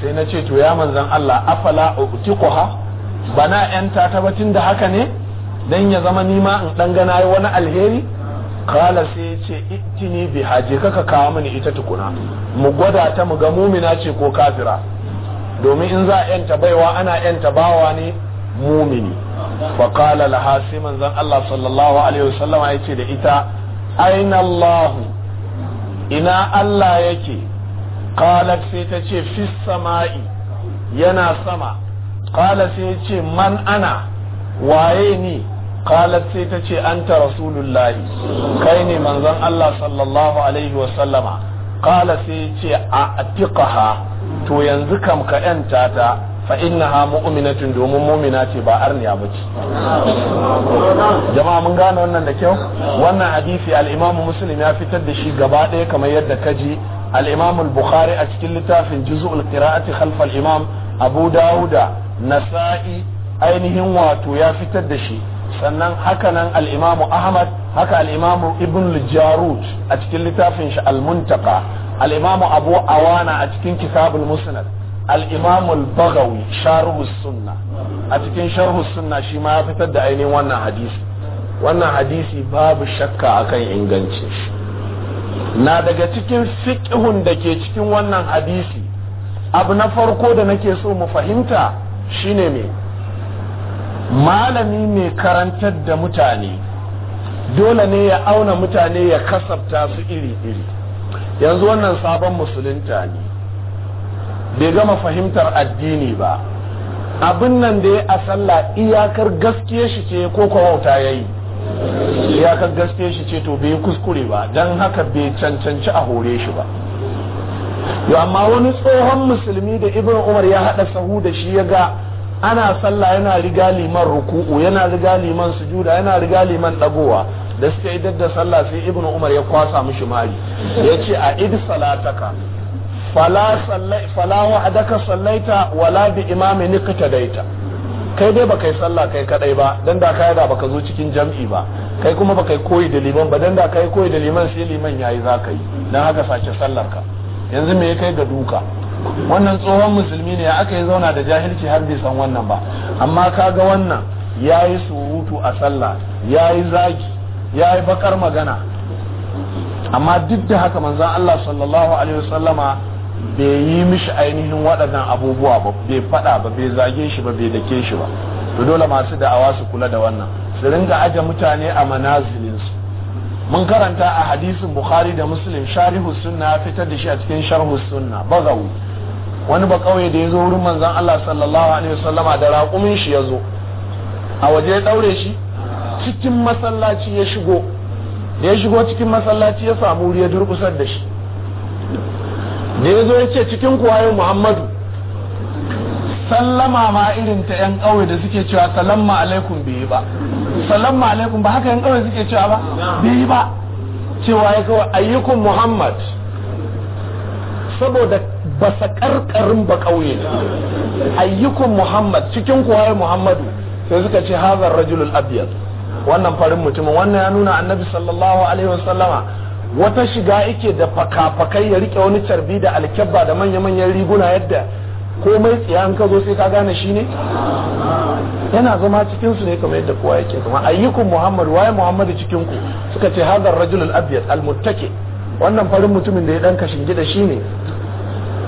sai na ce to ya manzon Allah afala utiquha bana yan ta tabacin da haka ne dan ya zama nima in dan gana wani alheri kala sai ce itini bi haji kaka kawo mini ita tukuna mu gwada ta mu ga mumina ce ko kafira domin in za a yanta baiwa ana yanta bawa ne mumini fa kala laha sai manzon Allah sallallahu alaihi wasallam ya ce da ita aina Allah ina Allah yake kala sai ta ce fi sama'i yana sama kala sai ce man ana waye ni khalad sai ta ce anta rasulullahi kai ne manzon Allah sallallahu alaihi wa sallama qala sai ce a atiqaha to yanzu kam ka yanta ta fa innaha mu'minatun domin mu'mina ce ba arniya bace jama'a mun gane wannan da kyau wannan hadisi al-imamu muslim ya fitar da shi gaba ɗaya kamar yadda kaji al-imamu bukhari a cikin littafin juz'ul qira'ati khalf al-imam abu dauda nasa'i ainihin wato ya fitar da shi sannan haka nan al'imamu ahmad haka al'imamu ibn jarud a cikin littafin shi al-muntaka al'imamu abu awana a cikin kitabul musnad al'imamu al-bagawi sharhu sunna a cikin sharhu sunna shi ma ya fitar da ainihin wannan hadisi wannan hadisi babu shakka akan inganci na daga cikin fiqhun da ke cikin wannan hadisi abu na farko da nake so mu fahimta shine me malami mai karantar da mutane dole ne ya auna mutane ya kasabta su iri-iri yanzu wannan sabon musulunta ne bai gama fahimtar addini ba abin nan da ya a sallah iyakar gaske shi ce ko kwauta ya yi iyakar gaske shi ce to bai kuskure ba don haka bai cancanci a hore shi ba yau amma wani tsohon musulmi da ibn umar ya haɗa sahu da shi ya ga ana sallah yana riga liman ruku'u yana riga liman sujuda yana riga liman dagowa da suka yi da sallah sai ibnu umar ya kwasa mishi mari yace ce a id salataka fala sallai fala wahdaka sallaita wala bi imami daita. kai dai baka yi sallah kai kadai ba dan da kai da baka zo cikin jam'i ba kai kuma baka yi koyi da liman ba dan da kai koyi da liman sai liman yayi zaka yi dan haka sace sallar ka yanzu me kai ga duka wannan tsohon musulmi ne aka yi zauna da jahilci har bai san wannan ba amma kaga wannan ya yi surutu a sallah ya yi zagi ya yi bakar magana amma duk da haka manzan Allah sallallahu alaihi wasallama bai yi mishi ainihin waɗannan abubuwa ba bai faɗa ba bai zage shi ba bai dake shi ba to dole masu da'awa su kula da wannan su ringa aje mutane a manazilinsu mun karanta a hadisin bukhari da muslim sharihu sunna fitar da shi a cikin sharhu sunna bagawi wani ba kauye da ya zo wurin manzan Allah sallallahu alaihi wasallama da raƙumin shi ya zo a waje ya daure shi cikin masallaci ya shigo da ya shigo cikin masallaci ya samu wuri ya durkusar da shi da ya zo ya ce cikin kuwayo muhammadu sallama ma irin ta yan ƙauye da suke cewa salamma alaikum bai yi ba salamma alaikum ba haka yan ƙauye suke cewa ba bai yi ba cewa ya kawai ayyukun muhammad saboda fasakarkarin ba kauye ayyukun muhammad cikin kuwaye muhammadu sai suka ce hazar rajulul abiyar wannan farin mutumin wannan ya nuna annabi sallallahu alaihi wasallama wata shiga yake da fakafakai ya rike wani carbi da alkyabba da manya-manyan riguna yadda komai tsiyan ka zo sai ka gane shi ne yana zama cikin su ne kamar yadda kowa yake zama ayyukun muhammad waye muhammadu cikin ku suka ce hazar rajulul abiyar almuttaki wannan farin mutumin da ya dan kashin gida shi ne.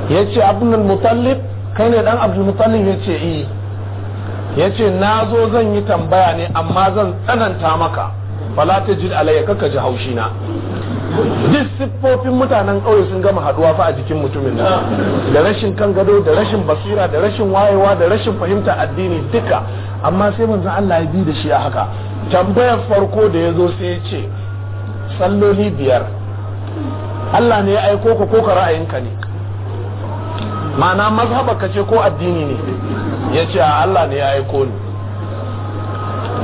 ya ce abdul mutallif kai ne dan abdul mutallib ya ce iya eh. ya ce na zo zan yi tambaya ne amma zan tsananta maka bala ta ji alayya kaka ji haushi na duk siffofin mutanen ƙauye sun gama haduwa fa a jikin mutumin nan da rashin kan gado da rashin basira da rashin wayewa da rashin fahimta addini duka amma sai manzon Allah ya bi da shi a haka tambayar farko da ya zo sai ya ce salloli biyar Allah ne ya aiko ka ko ka ra'ayinka ne mana mazhaba ka ce ko addini ne ya ce a Allah ne ya aiko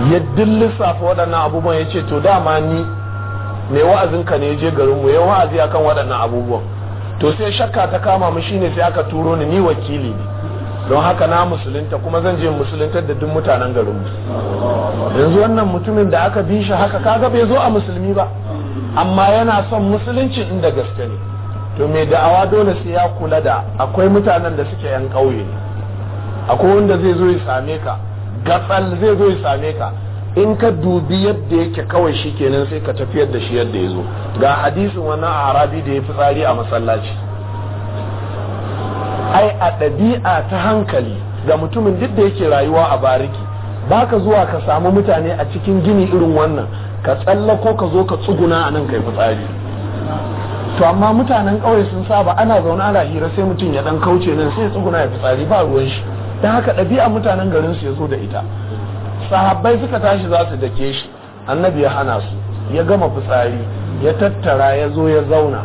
ni ya lissafa waɗannan abubuwan ya ce to dama ni mai ka ne ya je mu ya wa'azi akan waɗannan abubuwan to sai shakka ta kama mu shine sai aka turo ni ni wakili ne don haka na musulunta kuma zan je musuluntar da duk mutanen garinmu yanzu wannan mutumin da aka bi shi haka kaga bai zo a musulmi ba amma yana son musulunci inda gaske ne to mai da'awa dole sai ya kula da akwai mutanen da suke yan ƙauye ne akwai wanda zai zo ya same ka gatsal zai zo ya same ka in ka dubi yadda yake kawai shi kenan sai ka tafiyar da shi yadda ya zo ga hadisin wani arabi da ya fi tsari a masallaci ai a ɗabi'a ta hankali ga mutumin duk da yake rayuwa a bariki baka zuwa ka samu mutane a cikin gini irin wannan ka tsallako ka zo ka tsuguna a nan kai fitsari to amma mutanen ƙauye sun saba ana zaune ana hira sai mutum ya dan kauce nan sai tsuguna ya fitsari ba ruwan shi dan haka ɗabi'a mutanen garin su ya zo da ita sahabbai suka tashi za su dake shi annabi ya hana su ya gama fitsari ya tattara ya zo ya zauna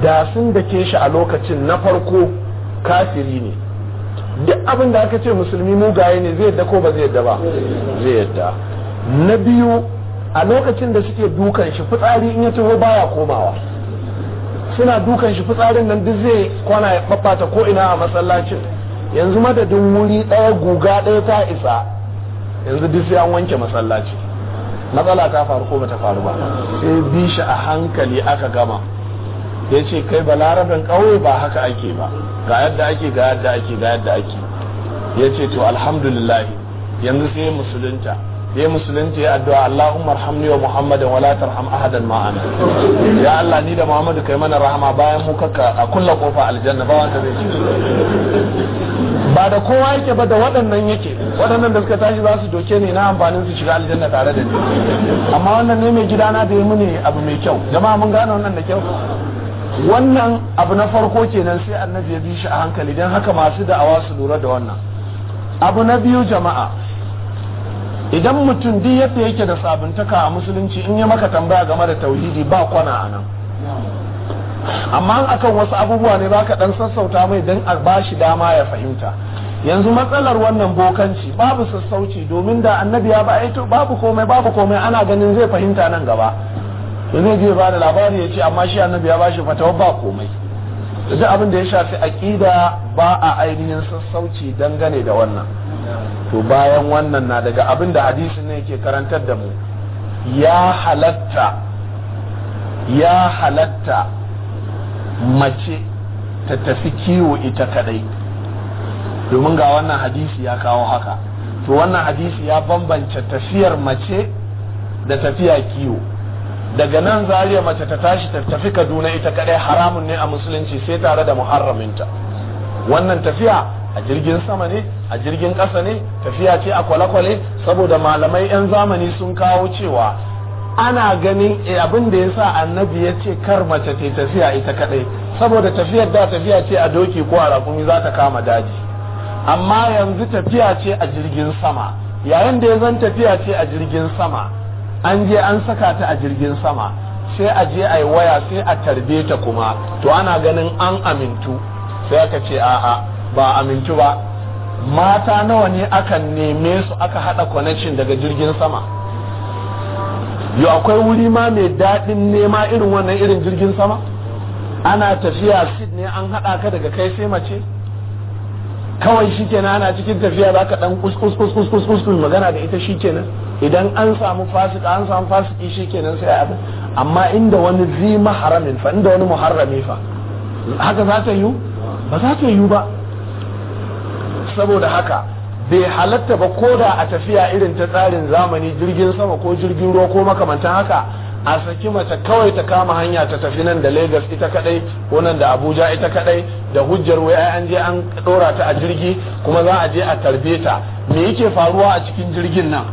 da sun dake shi a lokacin na farko kafiri ne duk abin da aka ce musulmi mugaye ne zai yadda ko ba zai yadda ba zai yadda na biyu a lokacin da suke dukan shi fitsari in ya taho baya komawa suna dukan shi fitsarin nan duk zai kwana ya babbata ko ina a masallacin yanzu madadin wuri ɗaya guga ɗaya ta isa yanzu duk sai an wanke masallaci matsala ta faru ko bata faru ba sai bi shi a hankali aka gama ya ce kai balarabin ƙauye ba haka ake ba ga yadda ake ga yadda ake ga yadda ake ya ce to alhamdulillah yanzu sai musulunta ya musulunci ya addu'a Allahumma arhamni wa Muhammadan wa la tarham ahadan ma'ana ya Allah ni da Muhammadu kai mana rahama bayan mu kaka a kulla kofa aljanna ba wanda zai ci ba da kowa yake ba da waɗannan yake waɗannan da suka tashi za su doke ne na amfanin su shiga aljanna tare da ni amma wannan ne mai gidana da ya mini abu mai kyau jama'a mun gane wannan da kyau wannan abu na farko kenan sai annabi ya bi shi a hankali don haka masu da'awa su lura da wannan abu na biyu jama'a idan mutum duk yadda yake da sabuntaka a musulunci in ya maka tambaya game da tauhidi ba kwana a nan amma akan wasu abubuwa ne baka dan sassauta mai dan a ba shi dama ya fahimta yanzu matsalar wannan bokanci babu sassauci domin da annabi ya ba aito eh babu komai babu komai ana ganin zai fahimta nan gaba to zai je ba da labari ya ce amma shi annabi ya ba shi fatawa ba komai duk abin da ya shafi aqida ba a ainihin sassauci dangane da wannan to bayan wannan na daga abin da hadisin ne ke karantar da mu ya halatta ya halatta mace ta tafi kiwo ita kadai domin ga wannan hadisi ya kawo haka to wannan hadisi ya bambance tafiyar mace da tafiya kiwo daga nan zariya mace ta tashi ta tafi kaduna ita kadai haramun ne a musulunci sai tare da muharraminta wannan tafiya a jirgin sama ne a jirgin ƙasa ne tafiya ce a kwale-kwale saboda malamai 'yan zamani sun kawo cewa ana ganin eh, abin da ya sa annabi ya ce kar mace ta tafiya ita kadai saboda tafiyar da tafiya ce a doki ko a rakumi za ta kama daji amma yanzu tafiya ce a jirgin sama yayin da ya zan tafiya ce a jirgin sama an je an saka ta a jirgin sama sai a je a yi waya sai a tarbe ta kuma to ana ganin an amintu sai aka ce a'a ba aminci ba mata nawa ne aka neme su aka hada connection daga jirgin sama yau akwai wuri ma mai daɗin nema irin wannan irin jirgin sama ana tafiya sit ne an haɗa ka daga kai sai mace kawai shi kenan ana cikin tafiya za ka ɗan kuskus magana da ita shi kenan idan an samu fasika an samu fasiki shi kenan sai abin amma inda wani zi haramin fa inda wani muharrami fa haka za ta yiwu ba za ta yiwu ba saboda haka bai halatta ba ko da a tafiya irin ta tsarin zamani jirgin sama ko jirgin ruwa ko makamantan haka a saki mace kawai ta kama hanya ta tafi nan da Lagos ita kadai ko nan da Abuja ita kadai da hujjar wai an je an dora ta a jirgi kuma za a je a tarbe ta me yake faruwa a cikin jirgin nan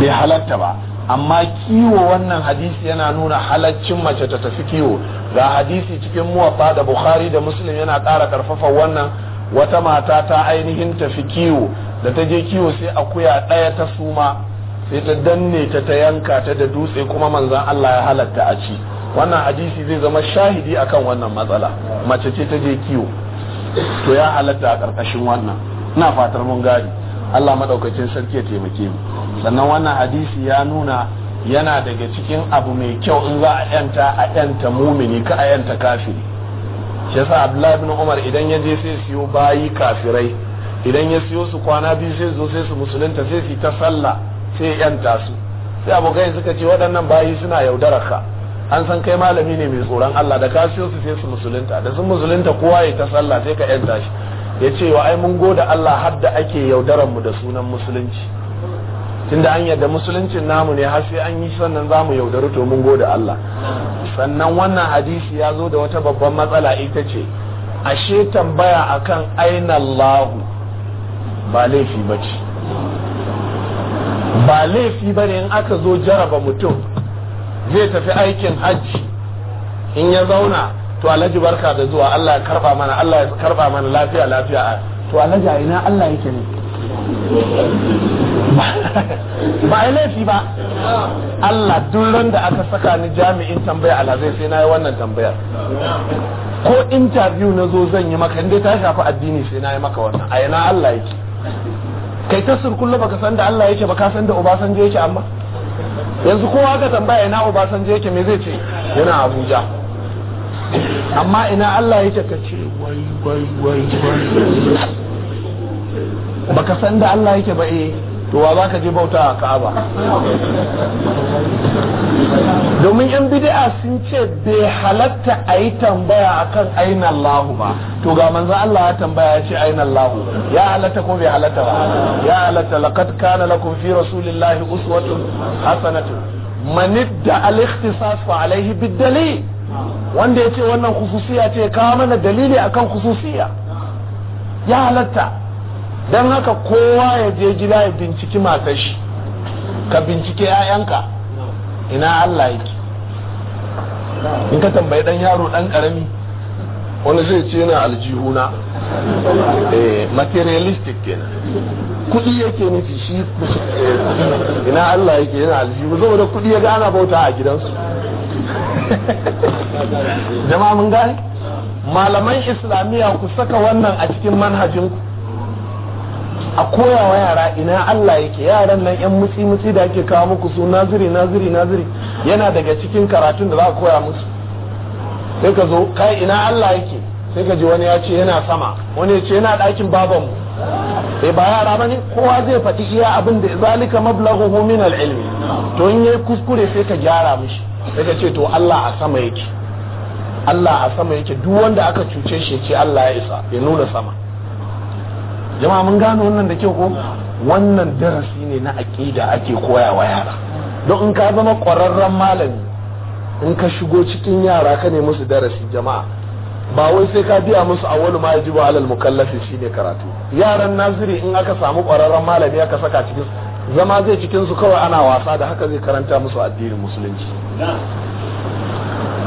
bai halatta ba amma kiwo wannan hadisi yana nuna halaccin mace ta tafi kiwo ga hadisi cikin muwaffa da bukhari da muslim yana ƙara ƙarfafa wannan wata mata ta ainihin tafi kiwo da ta je kiwo sai akuya ɗaya ta suma sai ta danne ta ta yanka ta da dutse kuma manzan Allah ya halatta a ci wannan hadisi zai zama shahidi akan wannan matsala mace ce ta je kiwo to ya halatta a ƙarƙashin wannan ina fatar mun gari Allah maɗaukacin sarki ya taimake mu sannan wannan hadisi ya nuna yana daga cikin abu mai kyau in za a yanta a yanta mumini ka a yanta kafiri shi yasa abdullahi ibn umar idan ya je sai siyo bayi kafirai idan ya siyo su kwana biyu sai zo sai su musulunta sai su ta sallah sai ya yanta su sai abokai suka ce waɗannan bayi suna yaudara ka an san kai malami ne mai tsoron Allah da ka siyo su sai su musulunta da sun musulunta kowa ya ta sallah sai ka yanta shi ya ce wa ai mun goda Allah har da ake yaudaran mu da sunan musulunci tunda an yarda musuluncin namu ne har sai an yi sannan za mu yaudari to mun gode Allah sannan wannan hadisi ya zo da wata babban matsala ita ce ashe tambaya akan aina Allahu ba laifi ba ce ba laifi ba ne in aka zo jaraba mutum zai tafi aikin hajji in ya zauna to alhaji barka da zuwa Allah ya karba mana Allah ya karba mana lafiya lafiya to alhaji ina Allah yake ne ba a laifi ba Allah duk da aka saka ni jami'in tambaya alhazai sai na yi wannan tambayar ko interview na zo zan yi maka inda ta shafi addini sai na yi maka wannan a yana Allah yake kai ta surkullo baka san da Allah yake baka san da Obasanjo yake amma yanzu kowa ka tambaya ina Obasanjo yake me zai ce yana Abuja amma ina Allah yake ka ce wai wai wai wai baka san da Allah yake ba eh to wa za ka je bauta a ka'aba domin yan bid'a sun ce bai halatta a yi tambaya akan aina Allahu ba to ga manzan Allah ya tambaya ya ce aina Allahu ya halatta ko bai halatta ba ya halatta laqad kana lakum fi rasulillahi uswatun man idda al-ikhtisas fa alaihi bid-dalil wanda yace wannan khususiya ce kawo mana dalili akan khususiya ya halatta don haka kowa ya je gida ya binciki matar shi ka bincike 'ya'yanka ina Allah yake in ka tambayi dan yaro dan karami wani zai ce yana aljihuna eh, materialistic kenan kudi yake nufi shi eh, ina Allah yake yana aljihu saboda kudi ya gana bauta a gidansu jama'a mun gane malaman islamiyya ku saka wannan a cikin manhajinku a koyawa yara ina Allah yake yaran nan yan mutsi mutsi da ake kawo muku su naziri naziri naziri yana daga cikin karatun da za a koya musu sai ka zo kai ina Allah yake sai ka ji wani ya ce yana sama wani ya ce yana ɗakin babanmu sai eh, ba yara bane kowa zai faɗi iya abin da zalika mablaghuhu min al-ilmi to in yayi kuskure sai ka gyara mishi sai ka ce to Allah a sama yake Allah a sama yake duk wanda aka cuce shi ya ce Allah ya isa ya nuna sama jama'a mun gano wannan da kyau ko wannan darasi ne na aƙida ake wa yara don in ka zama ƙwararren malami in ka shigo cikin yara ka ne musu darasi jama'a ba wai sai ka biya musu a wani ma'aji alal mukallafi shi ne karatu yaran naziri in aka samu ƙwararren malami aka saka cikin zama zai cikin su kawai ana wasa da haka zai karanta musu addinin musulunci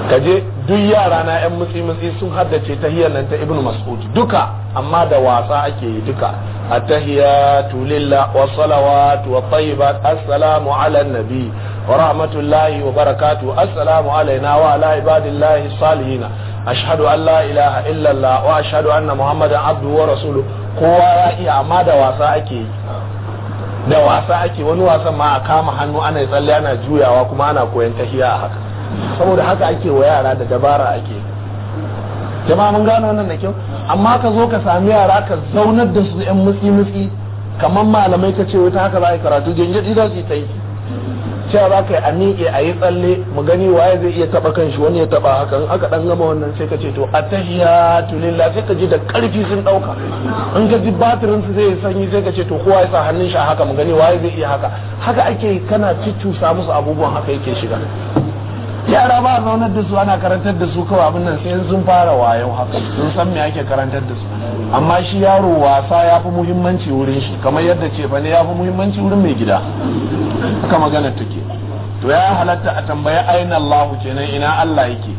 kaje duk yara na yan mutsi mutsi sun haddace tahiyar nan ta ibnu mas'ud duka amma da wasa ake yi duka at-tahiyatu lillah wa salawatu wa tayyibat assalamu ala nabi wa rahmatullahi wa barakatuh assalamu alaina wa ala ibadillahi salihin ashhadu an la ilaha illallah wa ashhadu anna muhammadan abduhu wa rasuluhu kowa ya iya amma da wasa ake yi da wasa ake wani wasan ma a kama hannu ana tsalle ana juyawa kuma ana koyan tahiya a haka saboda haka ake wa yara da dabara ake jama'a mun gano wannan da kyau amma ka zo ka sami yara ka zaunar da su yan mutsi mutsi kamar malamai ka ce wata haka za a yi karatu jinjiri za su ta yi cewa za ka yi a miƙe a yi tsalle mu gani waye zai iya taɓa kanshi wani ya taɓa haka in aka ɗan gama wannan sai ka ce to a tahiya lillah sai ka ji da ƙarfi sun ɗauka in ka ji batirin su zai sanyi sai ka ce to kowa ya sa hannun shi a haka mu gani waye zai iya haka haka ake kana samu su abubuwan haka yake shiga yara ba zaunar da su ana karantar da su kawai abin nan sai sun fara wayo haka sun san me ake karantar da su amma shi yaro wasa ya fi muhimmanci wurin shi kamar yadda ce fa ne ya fi muhimmanci wurin mai gida haka magana take to ya halatta a tambayi aina Allah kenan ina Allah yake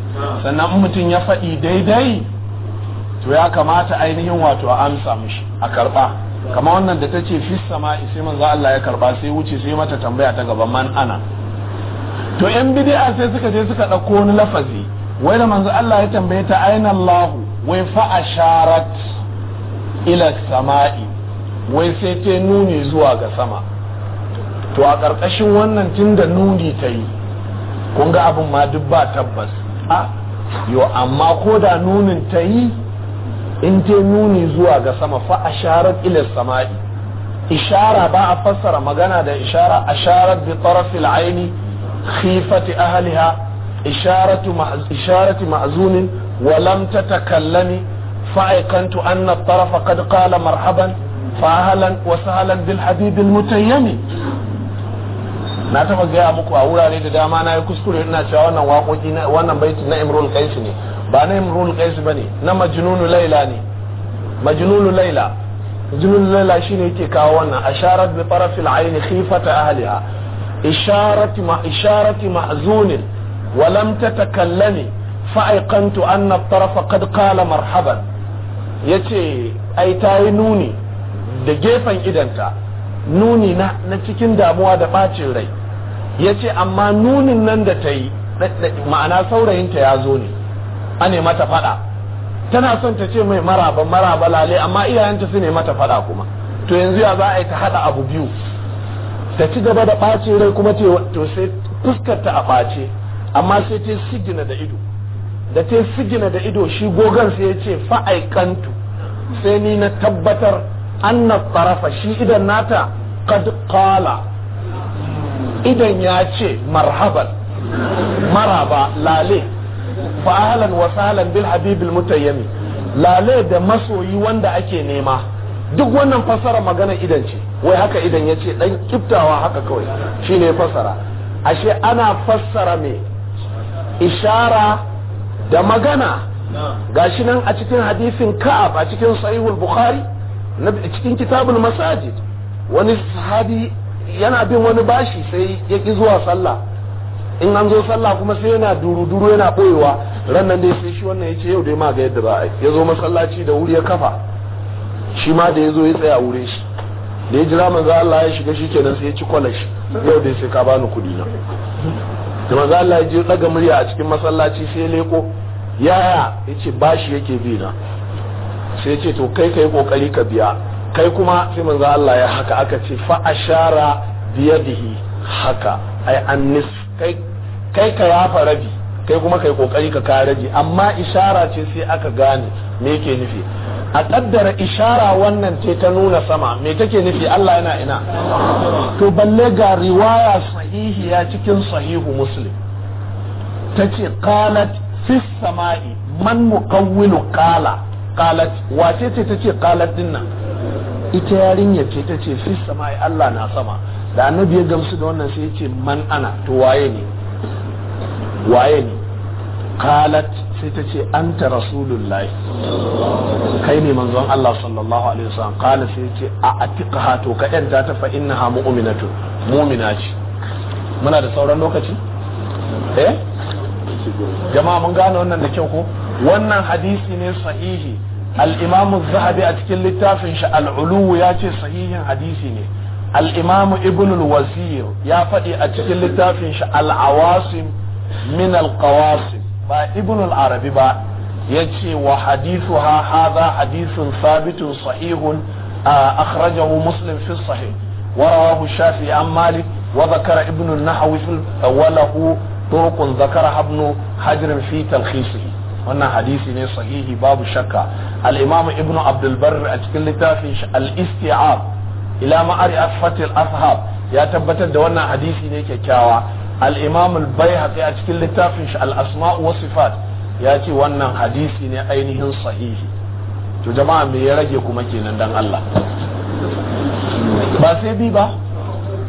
sannan mutum ya faɗi daidai to ya kamata ainihin wato a amsa mishi a karɓa kamar wannan da ta ce fi sama sai manzo Allah ya karɓa sai wuce sai mata tambaya ta gaban man ana to yan bidi'a sai suka je suka ɗauko wani lafazi wai da manzo Allah ya tambaye ta aina Allah wai fa asharat ila sama'i wai sai ta nuni zuwa ga sama to a ƙarƙashin wannan tunda nuni ta yi kun ga abin ma duk ba tabbas a yo amma ko da nunin ta yi in ta nuni zuwa ga sama fa asharat ila sama'i ishara ba a fassara magana da ishara asharat bi tarafil aini خيفة أهلها إشارة إشارة معزون ولم تتكلمي فأيقنت أن الطرف قد قال مرحبا فأهلا وسهلا بالحديد المتيم نعتبر جاء مكو أولا ليد دا مانا يكسكول إنا شاونا واقوتينا وانا بيت نعمرو القيسني بانا نعمرو القيس بني نما جنون ليلاني مجنون ليلى مجنون ليلى شيني كاونا أشارت بطرف العين خيفة أهلها isharati ma isharati ma'zunin wa lam tatakallami fa aiqantu anna at-tarafa qad qala yace ai tayi nuni da gefen idanta nuni na na cikin damuwa da bacin rai yace amma nunin nan da ta yi ma'ana saurayinta ya zo ne ane mata fada tana son ta ce mai maraba maraba lale amma iyayenta su ne mata fada kuma to yanzu ya za a yi ta hada abu biyu ta ci gaba da ɓace rai kuma ce to sai fuskar a ɓace amma sai ta sigina da ido da ta sigina da ido shi gogon sai ya ce fa'aikantu sai ni na tabbatar an na farafa shi idan nata kad kala idan ya ce marhaban maraba lale fa'alan wasalan bil habibil mutayyami lale da masoyi wanda ake nema duk wannan fassara magana idan ce wai haka idan ya ce dan kiftawa haka kawai shine fasara ashe ana fassara me ishara da magana Ga shi nan a cikin hadisin ka'ab a cikin sahihul bukhari na cikin kitabul masajid wani sahabi yana bin wani bashi sai ya ki zuwa sallah in an zo sallah kuma sai yana duru-duru yana boyewa ran nan dai sai shi wannan ya ce yau dai ma ga yadda ba ya zo masallaci da wuri ya kafa shi ma da ya zo ya tsaya wurin shi da ya jira manzo Allah ya shiga shi kenan sai ya ci kwalash yau dai sai ka bani kuɗi na da manzo Allah ya je daga murya a cikin masallaci sai ya leko yaya ya ce ba shi yake bi na sai ya ce to kai kai kokari ka biya kai kuma sai manzo Allah ya haka aka ce fa ashara biyadihi haka ai annis kai kai ka yafa rabi kai kuma kai kokari ka kare rabi amma ishara ce sai aka gane me yake nufi a kaddara ishara wannan ce ta nuna sama me take nufi Allah yana ina to balle ga riwaya sahihiya cikin sahihu muslim tace qalat fi samai man muqawwilu qala qalat wace ce tace qalat din nan ita yarinya ce tace fi samai Allah na sama da annabi ya gamsu da wannan sai ya ce man ana to waye ne waye ne qalat sai ta ce an ta rasulullahi kai ne manzon Allah sallallahu alaihi wasallam qala sai ce a atiqaha to ka yanta ta fa innaha mu'minatu mu'mina ce muna da sauran lokaci eh jama'a mun gane wannan da kyau ko wannan hadisi ne sahihi al-imam az-zahabi a cikin littafin shi al-ulu ya ce sahihin hadisi ne al-imam ibn al-wazir ya faɗi a cikin littafin shi al-awasim min al-qawasim ba ibn al-arabi ba ya ce wa hadithu ha hadha hadithun sabitun sahihun akhrajahu muslim fi sahih wa rawahu shafi'i an malik wa ibn an-nahawi wa lahu طرق ذكرها ابن حجر wannan hadisi ne sahihi babu shakka al-imam ibnu abdul barr a cikin littafin al-isti'ab ila ma'ari asfatil ashab ya tabbatar da wannan hadisi ne kyakkyawa al-imam al a cikin littafin shi al-asma' wa sifat ya ce wannan hadisi ne ainihin sahihi to jama'a me ya rage kuma kenan dan Allah ba sai bi ba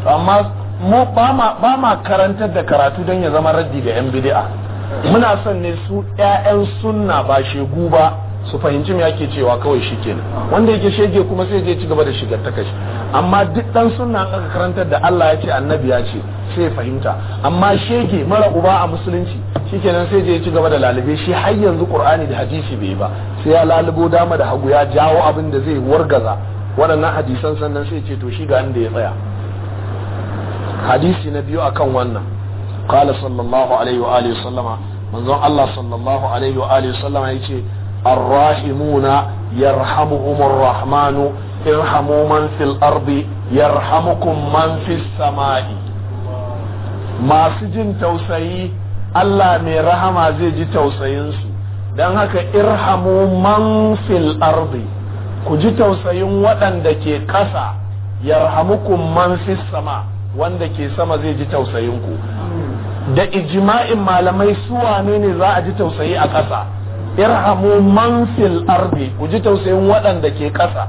amma mu ba ma karantar da karatu don ya zama raddi ga 'yan bid'a muna son ne su 'ya'yan sunna ba shegu ba su fahimci me ake cewa kawai shi kenan wanda yake shege kuma sai je ci gaba da shigar ta kashi amma duk dan sunna aka karantar da Allah ya ce annabi ya ce sai fahimta amma shege mara uba a musulunci shikenan sai je ci gaba da lalube shi har yanzu qur'ani da hadisi bai ba sai ya lalubo dama da hagu ya jawo abin da zai wargaza waɗannan hadisan sannan sai ce to shi ga inda ya tsaya hadisi na biyu akan wannan qala sallallahu alaihi wa alihi sallama manzon Allah sallallahu alaihi wa alihi sallama yace الراحمون يرحمهم الرحمن ارحموا من في الأرض يرحمكم من في السماء ما سجن توسعي Allah mai rahama zai ji tausayinsu don haka irhamu man fil ardi ku ji tausayin waɗanda ke ƙasa yarhamukum man fis wanda ke sama zai ji tausayinku da ijma'in malamai su wane ne za a ji tausayi a ƙasa irhamu man fil ardi ku ji tausayin waɗanda ke ƙasa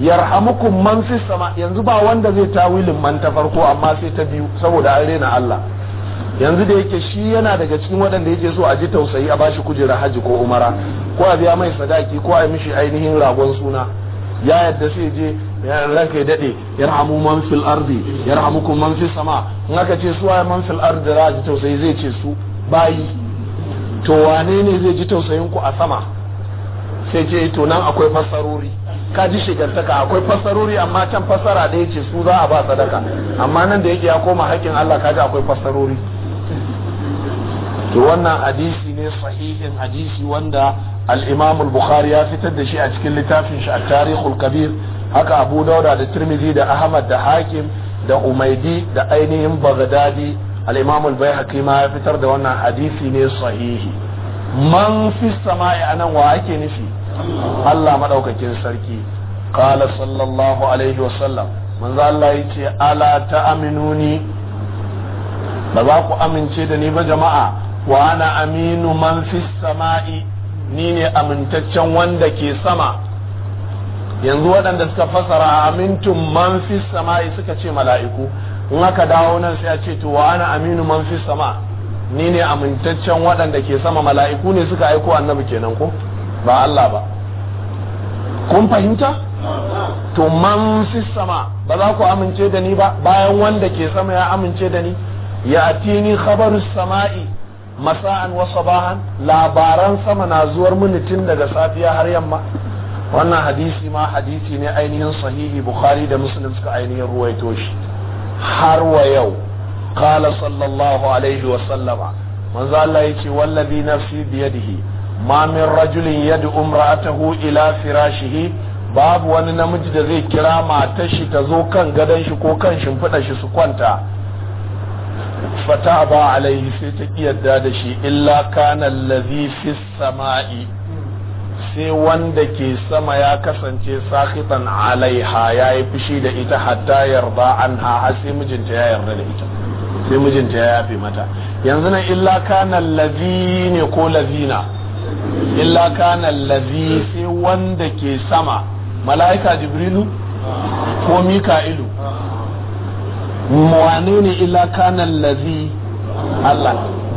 yarhamukum man fis sama yanzu ba wanda zai tawilin man ta farko amma sai ta biyu saboda an rena Allah yanzu da yake shi yana daga cikin waɗanda yake so a ji tausayi a bashi kujera haji ko umara ko a biya mai sadaki ko a yi mishi ainihin ragon suna ya yadda sai je ranka ya daɗe yarhamu man fil ardi yarhamukum man fis sama in aka ce su man fil ardi za a ji tausayi zai ce su bayi to wane ne zai ji tausayin ku a sama sai ce eh, to nan akwai fassarori ka ji shigantaka akwai fassarori amma can fassara da ce su za a ba sadaka amma nan da yake ya koma haƙƙin Allah ka ji akwai fassarori to wannan hadisi ne sahihin hadisi wanda al-Imam al-Bukhari ya fitar da shi a cikin littafin shi at-Tarikhul Kabir haka Abu Dauda da Tirmidhi da Ahmad da Hakim da Umaydi da ainihin Baghdadi al-imam al ma ya fitar da wannan hadisi ne sahihi man fi samai anan wa ake nufi Allah maɗaukakin sarki qala sallallahu alaihi wa sallam manzo Allah yace ala ta'minuni ba za ku amince da ni ba jama'a wa ana aminu man fi ni ne amintaccen wanda ke sama yanzu waɗanda suka fasara amintun man fi suka ce mala'iku in aka dawo nan sai a ce to wa ana aminu man fi sama ni ne amintaccen waɗanda ke sama mala'iku ne suka aiko annabi kenan ko ba Allah ba kun fahimta to man fi sama ba za ku amince da ni ba bayan wanda ke sama ya amince da ni ya atini khabaru sama'i masa'an wa sabahan labaran sama na zuwar tun daga safiya har yamma wannan hadisi ma hadisi ne ainihin sahihi bukhari da muslim suka ainihin ruwaito shi har wa yau kala sallallahu alaihi wa sallama manzo Allah yace wallazi nafsi biyadihi ma min rajulin yad'u imra'atahu ila firashihi babu wani namiji da zai kira matar shi ta zo kan gadon shi ko kan shimfiɗa shi su kwanta fata ba alaihi sai ta kiyarda da shi illa kana allazi fis sama'i sai wanda ke sama ya kasance sakitan alaiha ya yi fushi da ita hatta yarda an ha sai mijinta ya yarda da ita sai mijinta ya yafe mata yanzu nan illa kana lazi ne ko lazina illa kana lazi sai wanda ke sama mala'ika jibrilu ko mika'ilu wane ne illa kana lazi Allah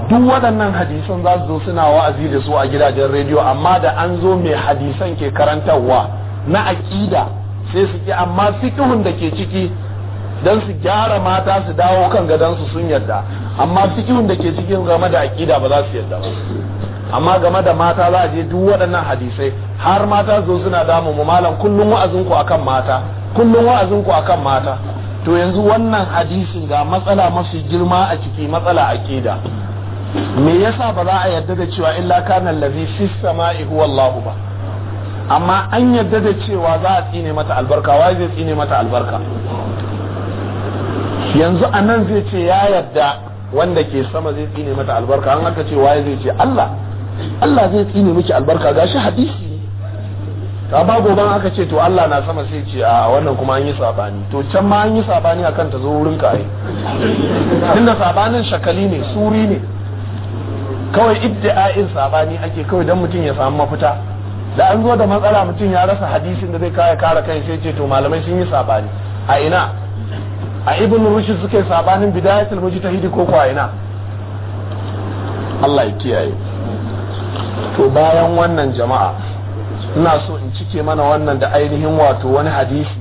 duk waɗannan hadisan za su zo suna wa'azi da su a gidajen rediyo amma da an zo mai hadisan ke karantarwa na aƙida sai su ki amma fiƙihun da ke ciki don su gyara mata su dawo kan gadon su sun yarda amma fiƙihun da ke cikin game da aƙida ba za su yarda ba amma game da mata za a je duk waɗannan hadisai har mata zo suna damu mu malam kullum wa'azinku akan mata kullum wa'azinku akan mata to yanzu wannan hadisin ga matsala mafi girma a ciki matsala aƙida me yasa ba za a yarda da cewa illa kana allazi fi sama'i huwa Allah ba amma an yarda da cewa za a tsine mata albarka wai zai tsine mata albarka yanzu a nan zai ce ya yarda wanda ke sama zai tsine mata albarka an aka ce waye zai ce Allah Allah zai tsine miki albarka gashi hadisi ta ba goban aka ce to Allah na sama sai ce a wannan kuma an yi sabani to can ma an yi sabani akan ta zo wurin ka ai tunda sabanin shakali ne suri ne kawai ibtida'in sabani ake kawai dan mutum ya samu mafita da an zo da matsala mutum ya rasa hadisin da zai kare kare kai sai ce to malamai sun yi sabani a ina a ibn rushd suke sabanin bidayatul mujtahid ko ko a ina Allah ya kiyaye to bayan wannan jama'a ina so in cike mana wannan da ainihin wato wani hadisi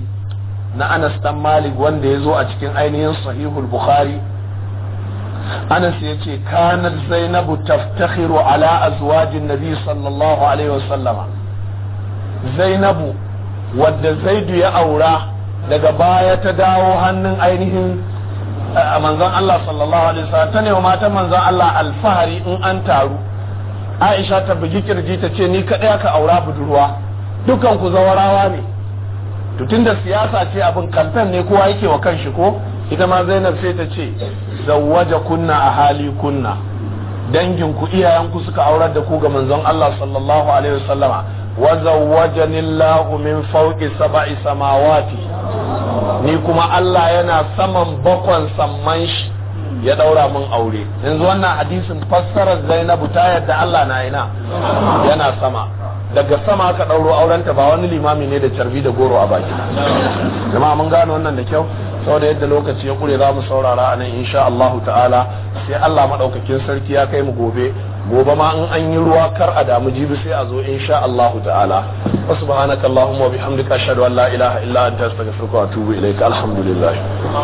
na Anas dan Malik wanda ya zo a cikin ainihin sahihul Bukhari anas ya ce kanar zainabu taftakhiru ala azwajin nabi sallallahu alaihi wasallama zainabu wanda zaidu ya aura daga baya ta dawo hannun ainihin manzon Allah sallallahu alaihi wasallam ta wa matan manzon Allah alfahari in an taru Aisha ta bugi kirji ta ce ni kadai aka aura budurwa dukan ku zawarawa ne to tunda siyasa ce abin kamfen ne kowa yake wa kanshi ko ita ma zainab sai ta ce zawaja kunna a hali kunna danginku iyayenku suka aurar da ku ga manzon Allah sallallahu alaihi wasallama wa zawwajani min fawqi sab'i samawati ni kuma Allah yana saman bakwan samman shi ya daura mun aure yanzu wannan hadisin fassarar zainab ta yadda Allah na ina yana sama daga sama aka ɗauro aurenta ba wani limami ne da carbi da goro a baki jama'a mun gano wannan da kyau da yadda lokaci ya kure za mu saurara a nan insha Allah ta'ala sai Allah madaukakin sarki ya kai mu gobe gobe ma in an yi ruwa kar a damu jibi sai a zo insha Allah ta'ala wa subhanakallahumma wa bihamdika ashhadu an la ilaha illa anta astaghfiruka wa atubu ilaik alhamdulillah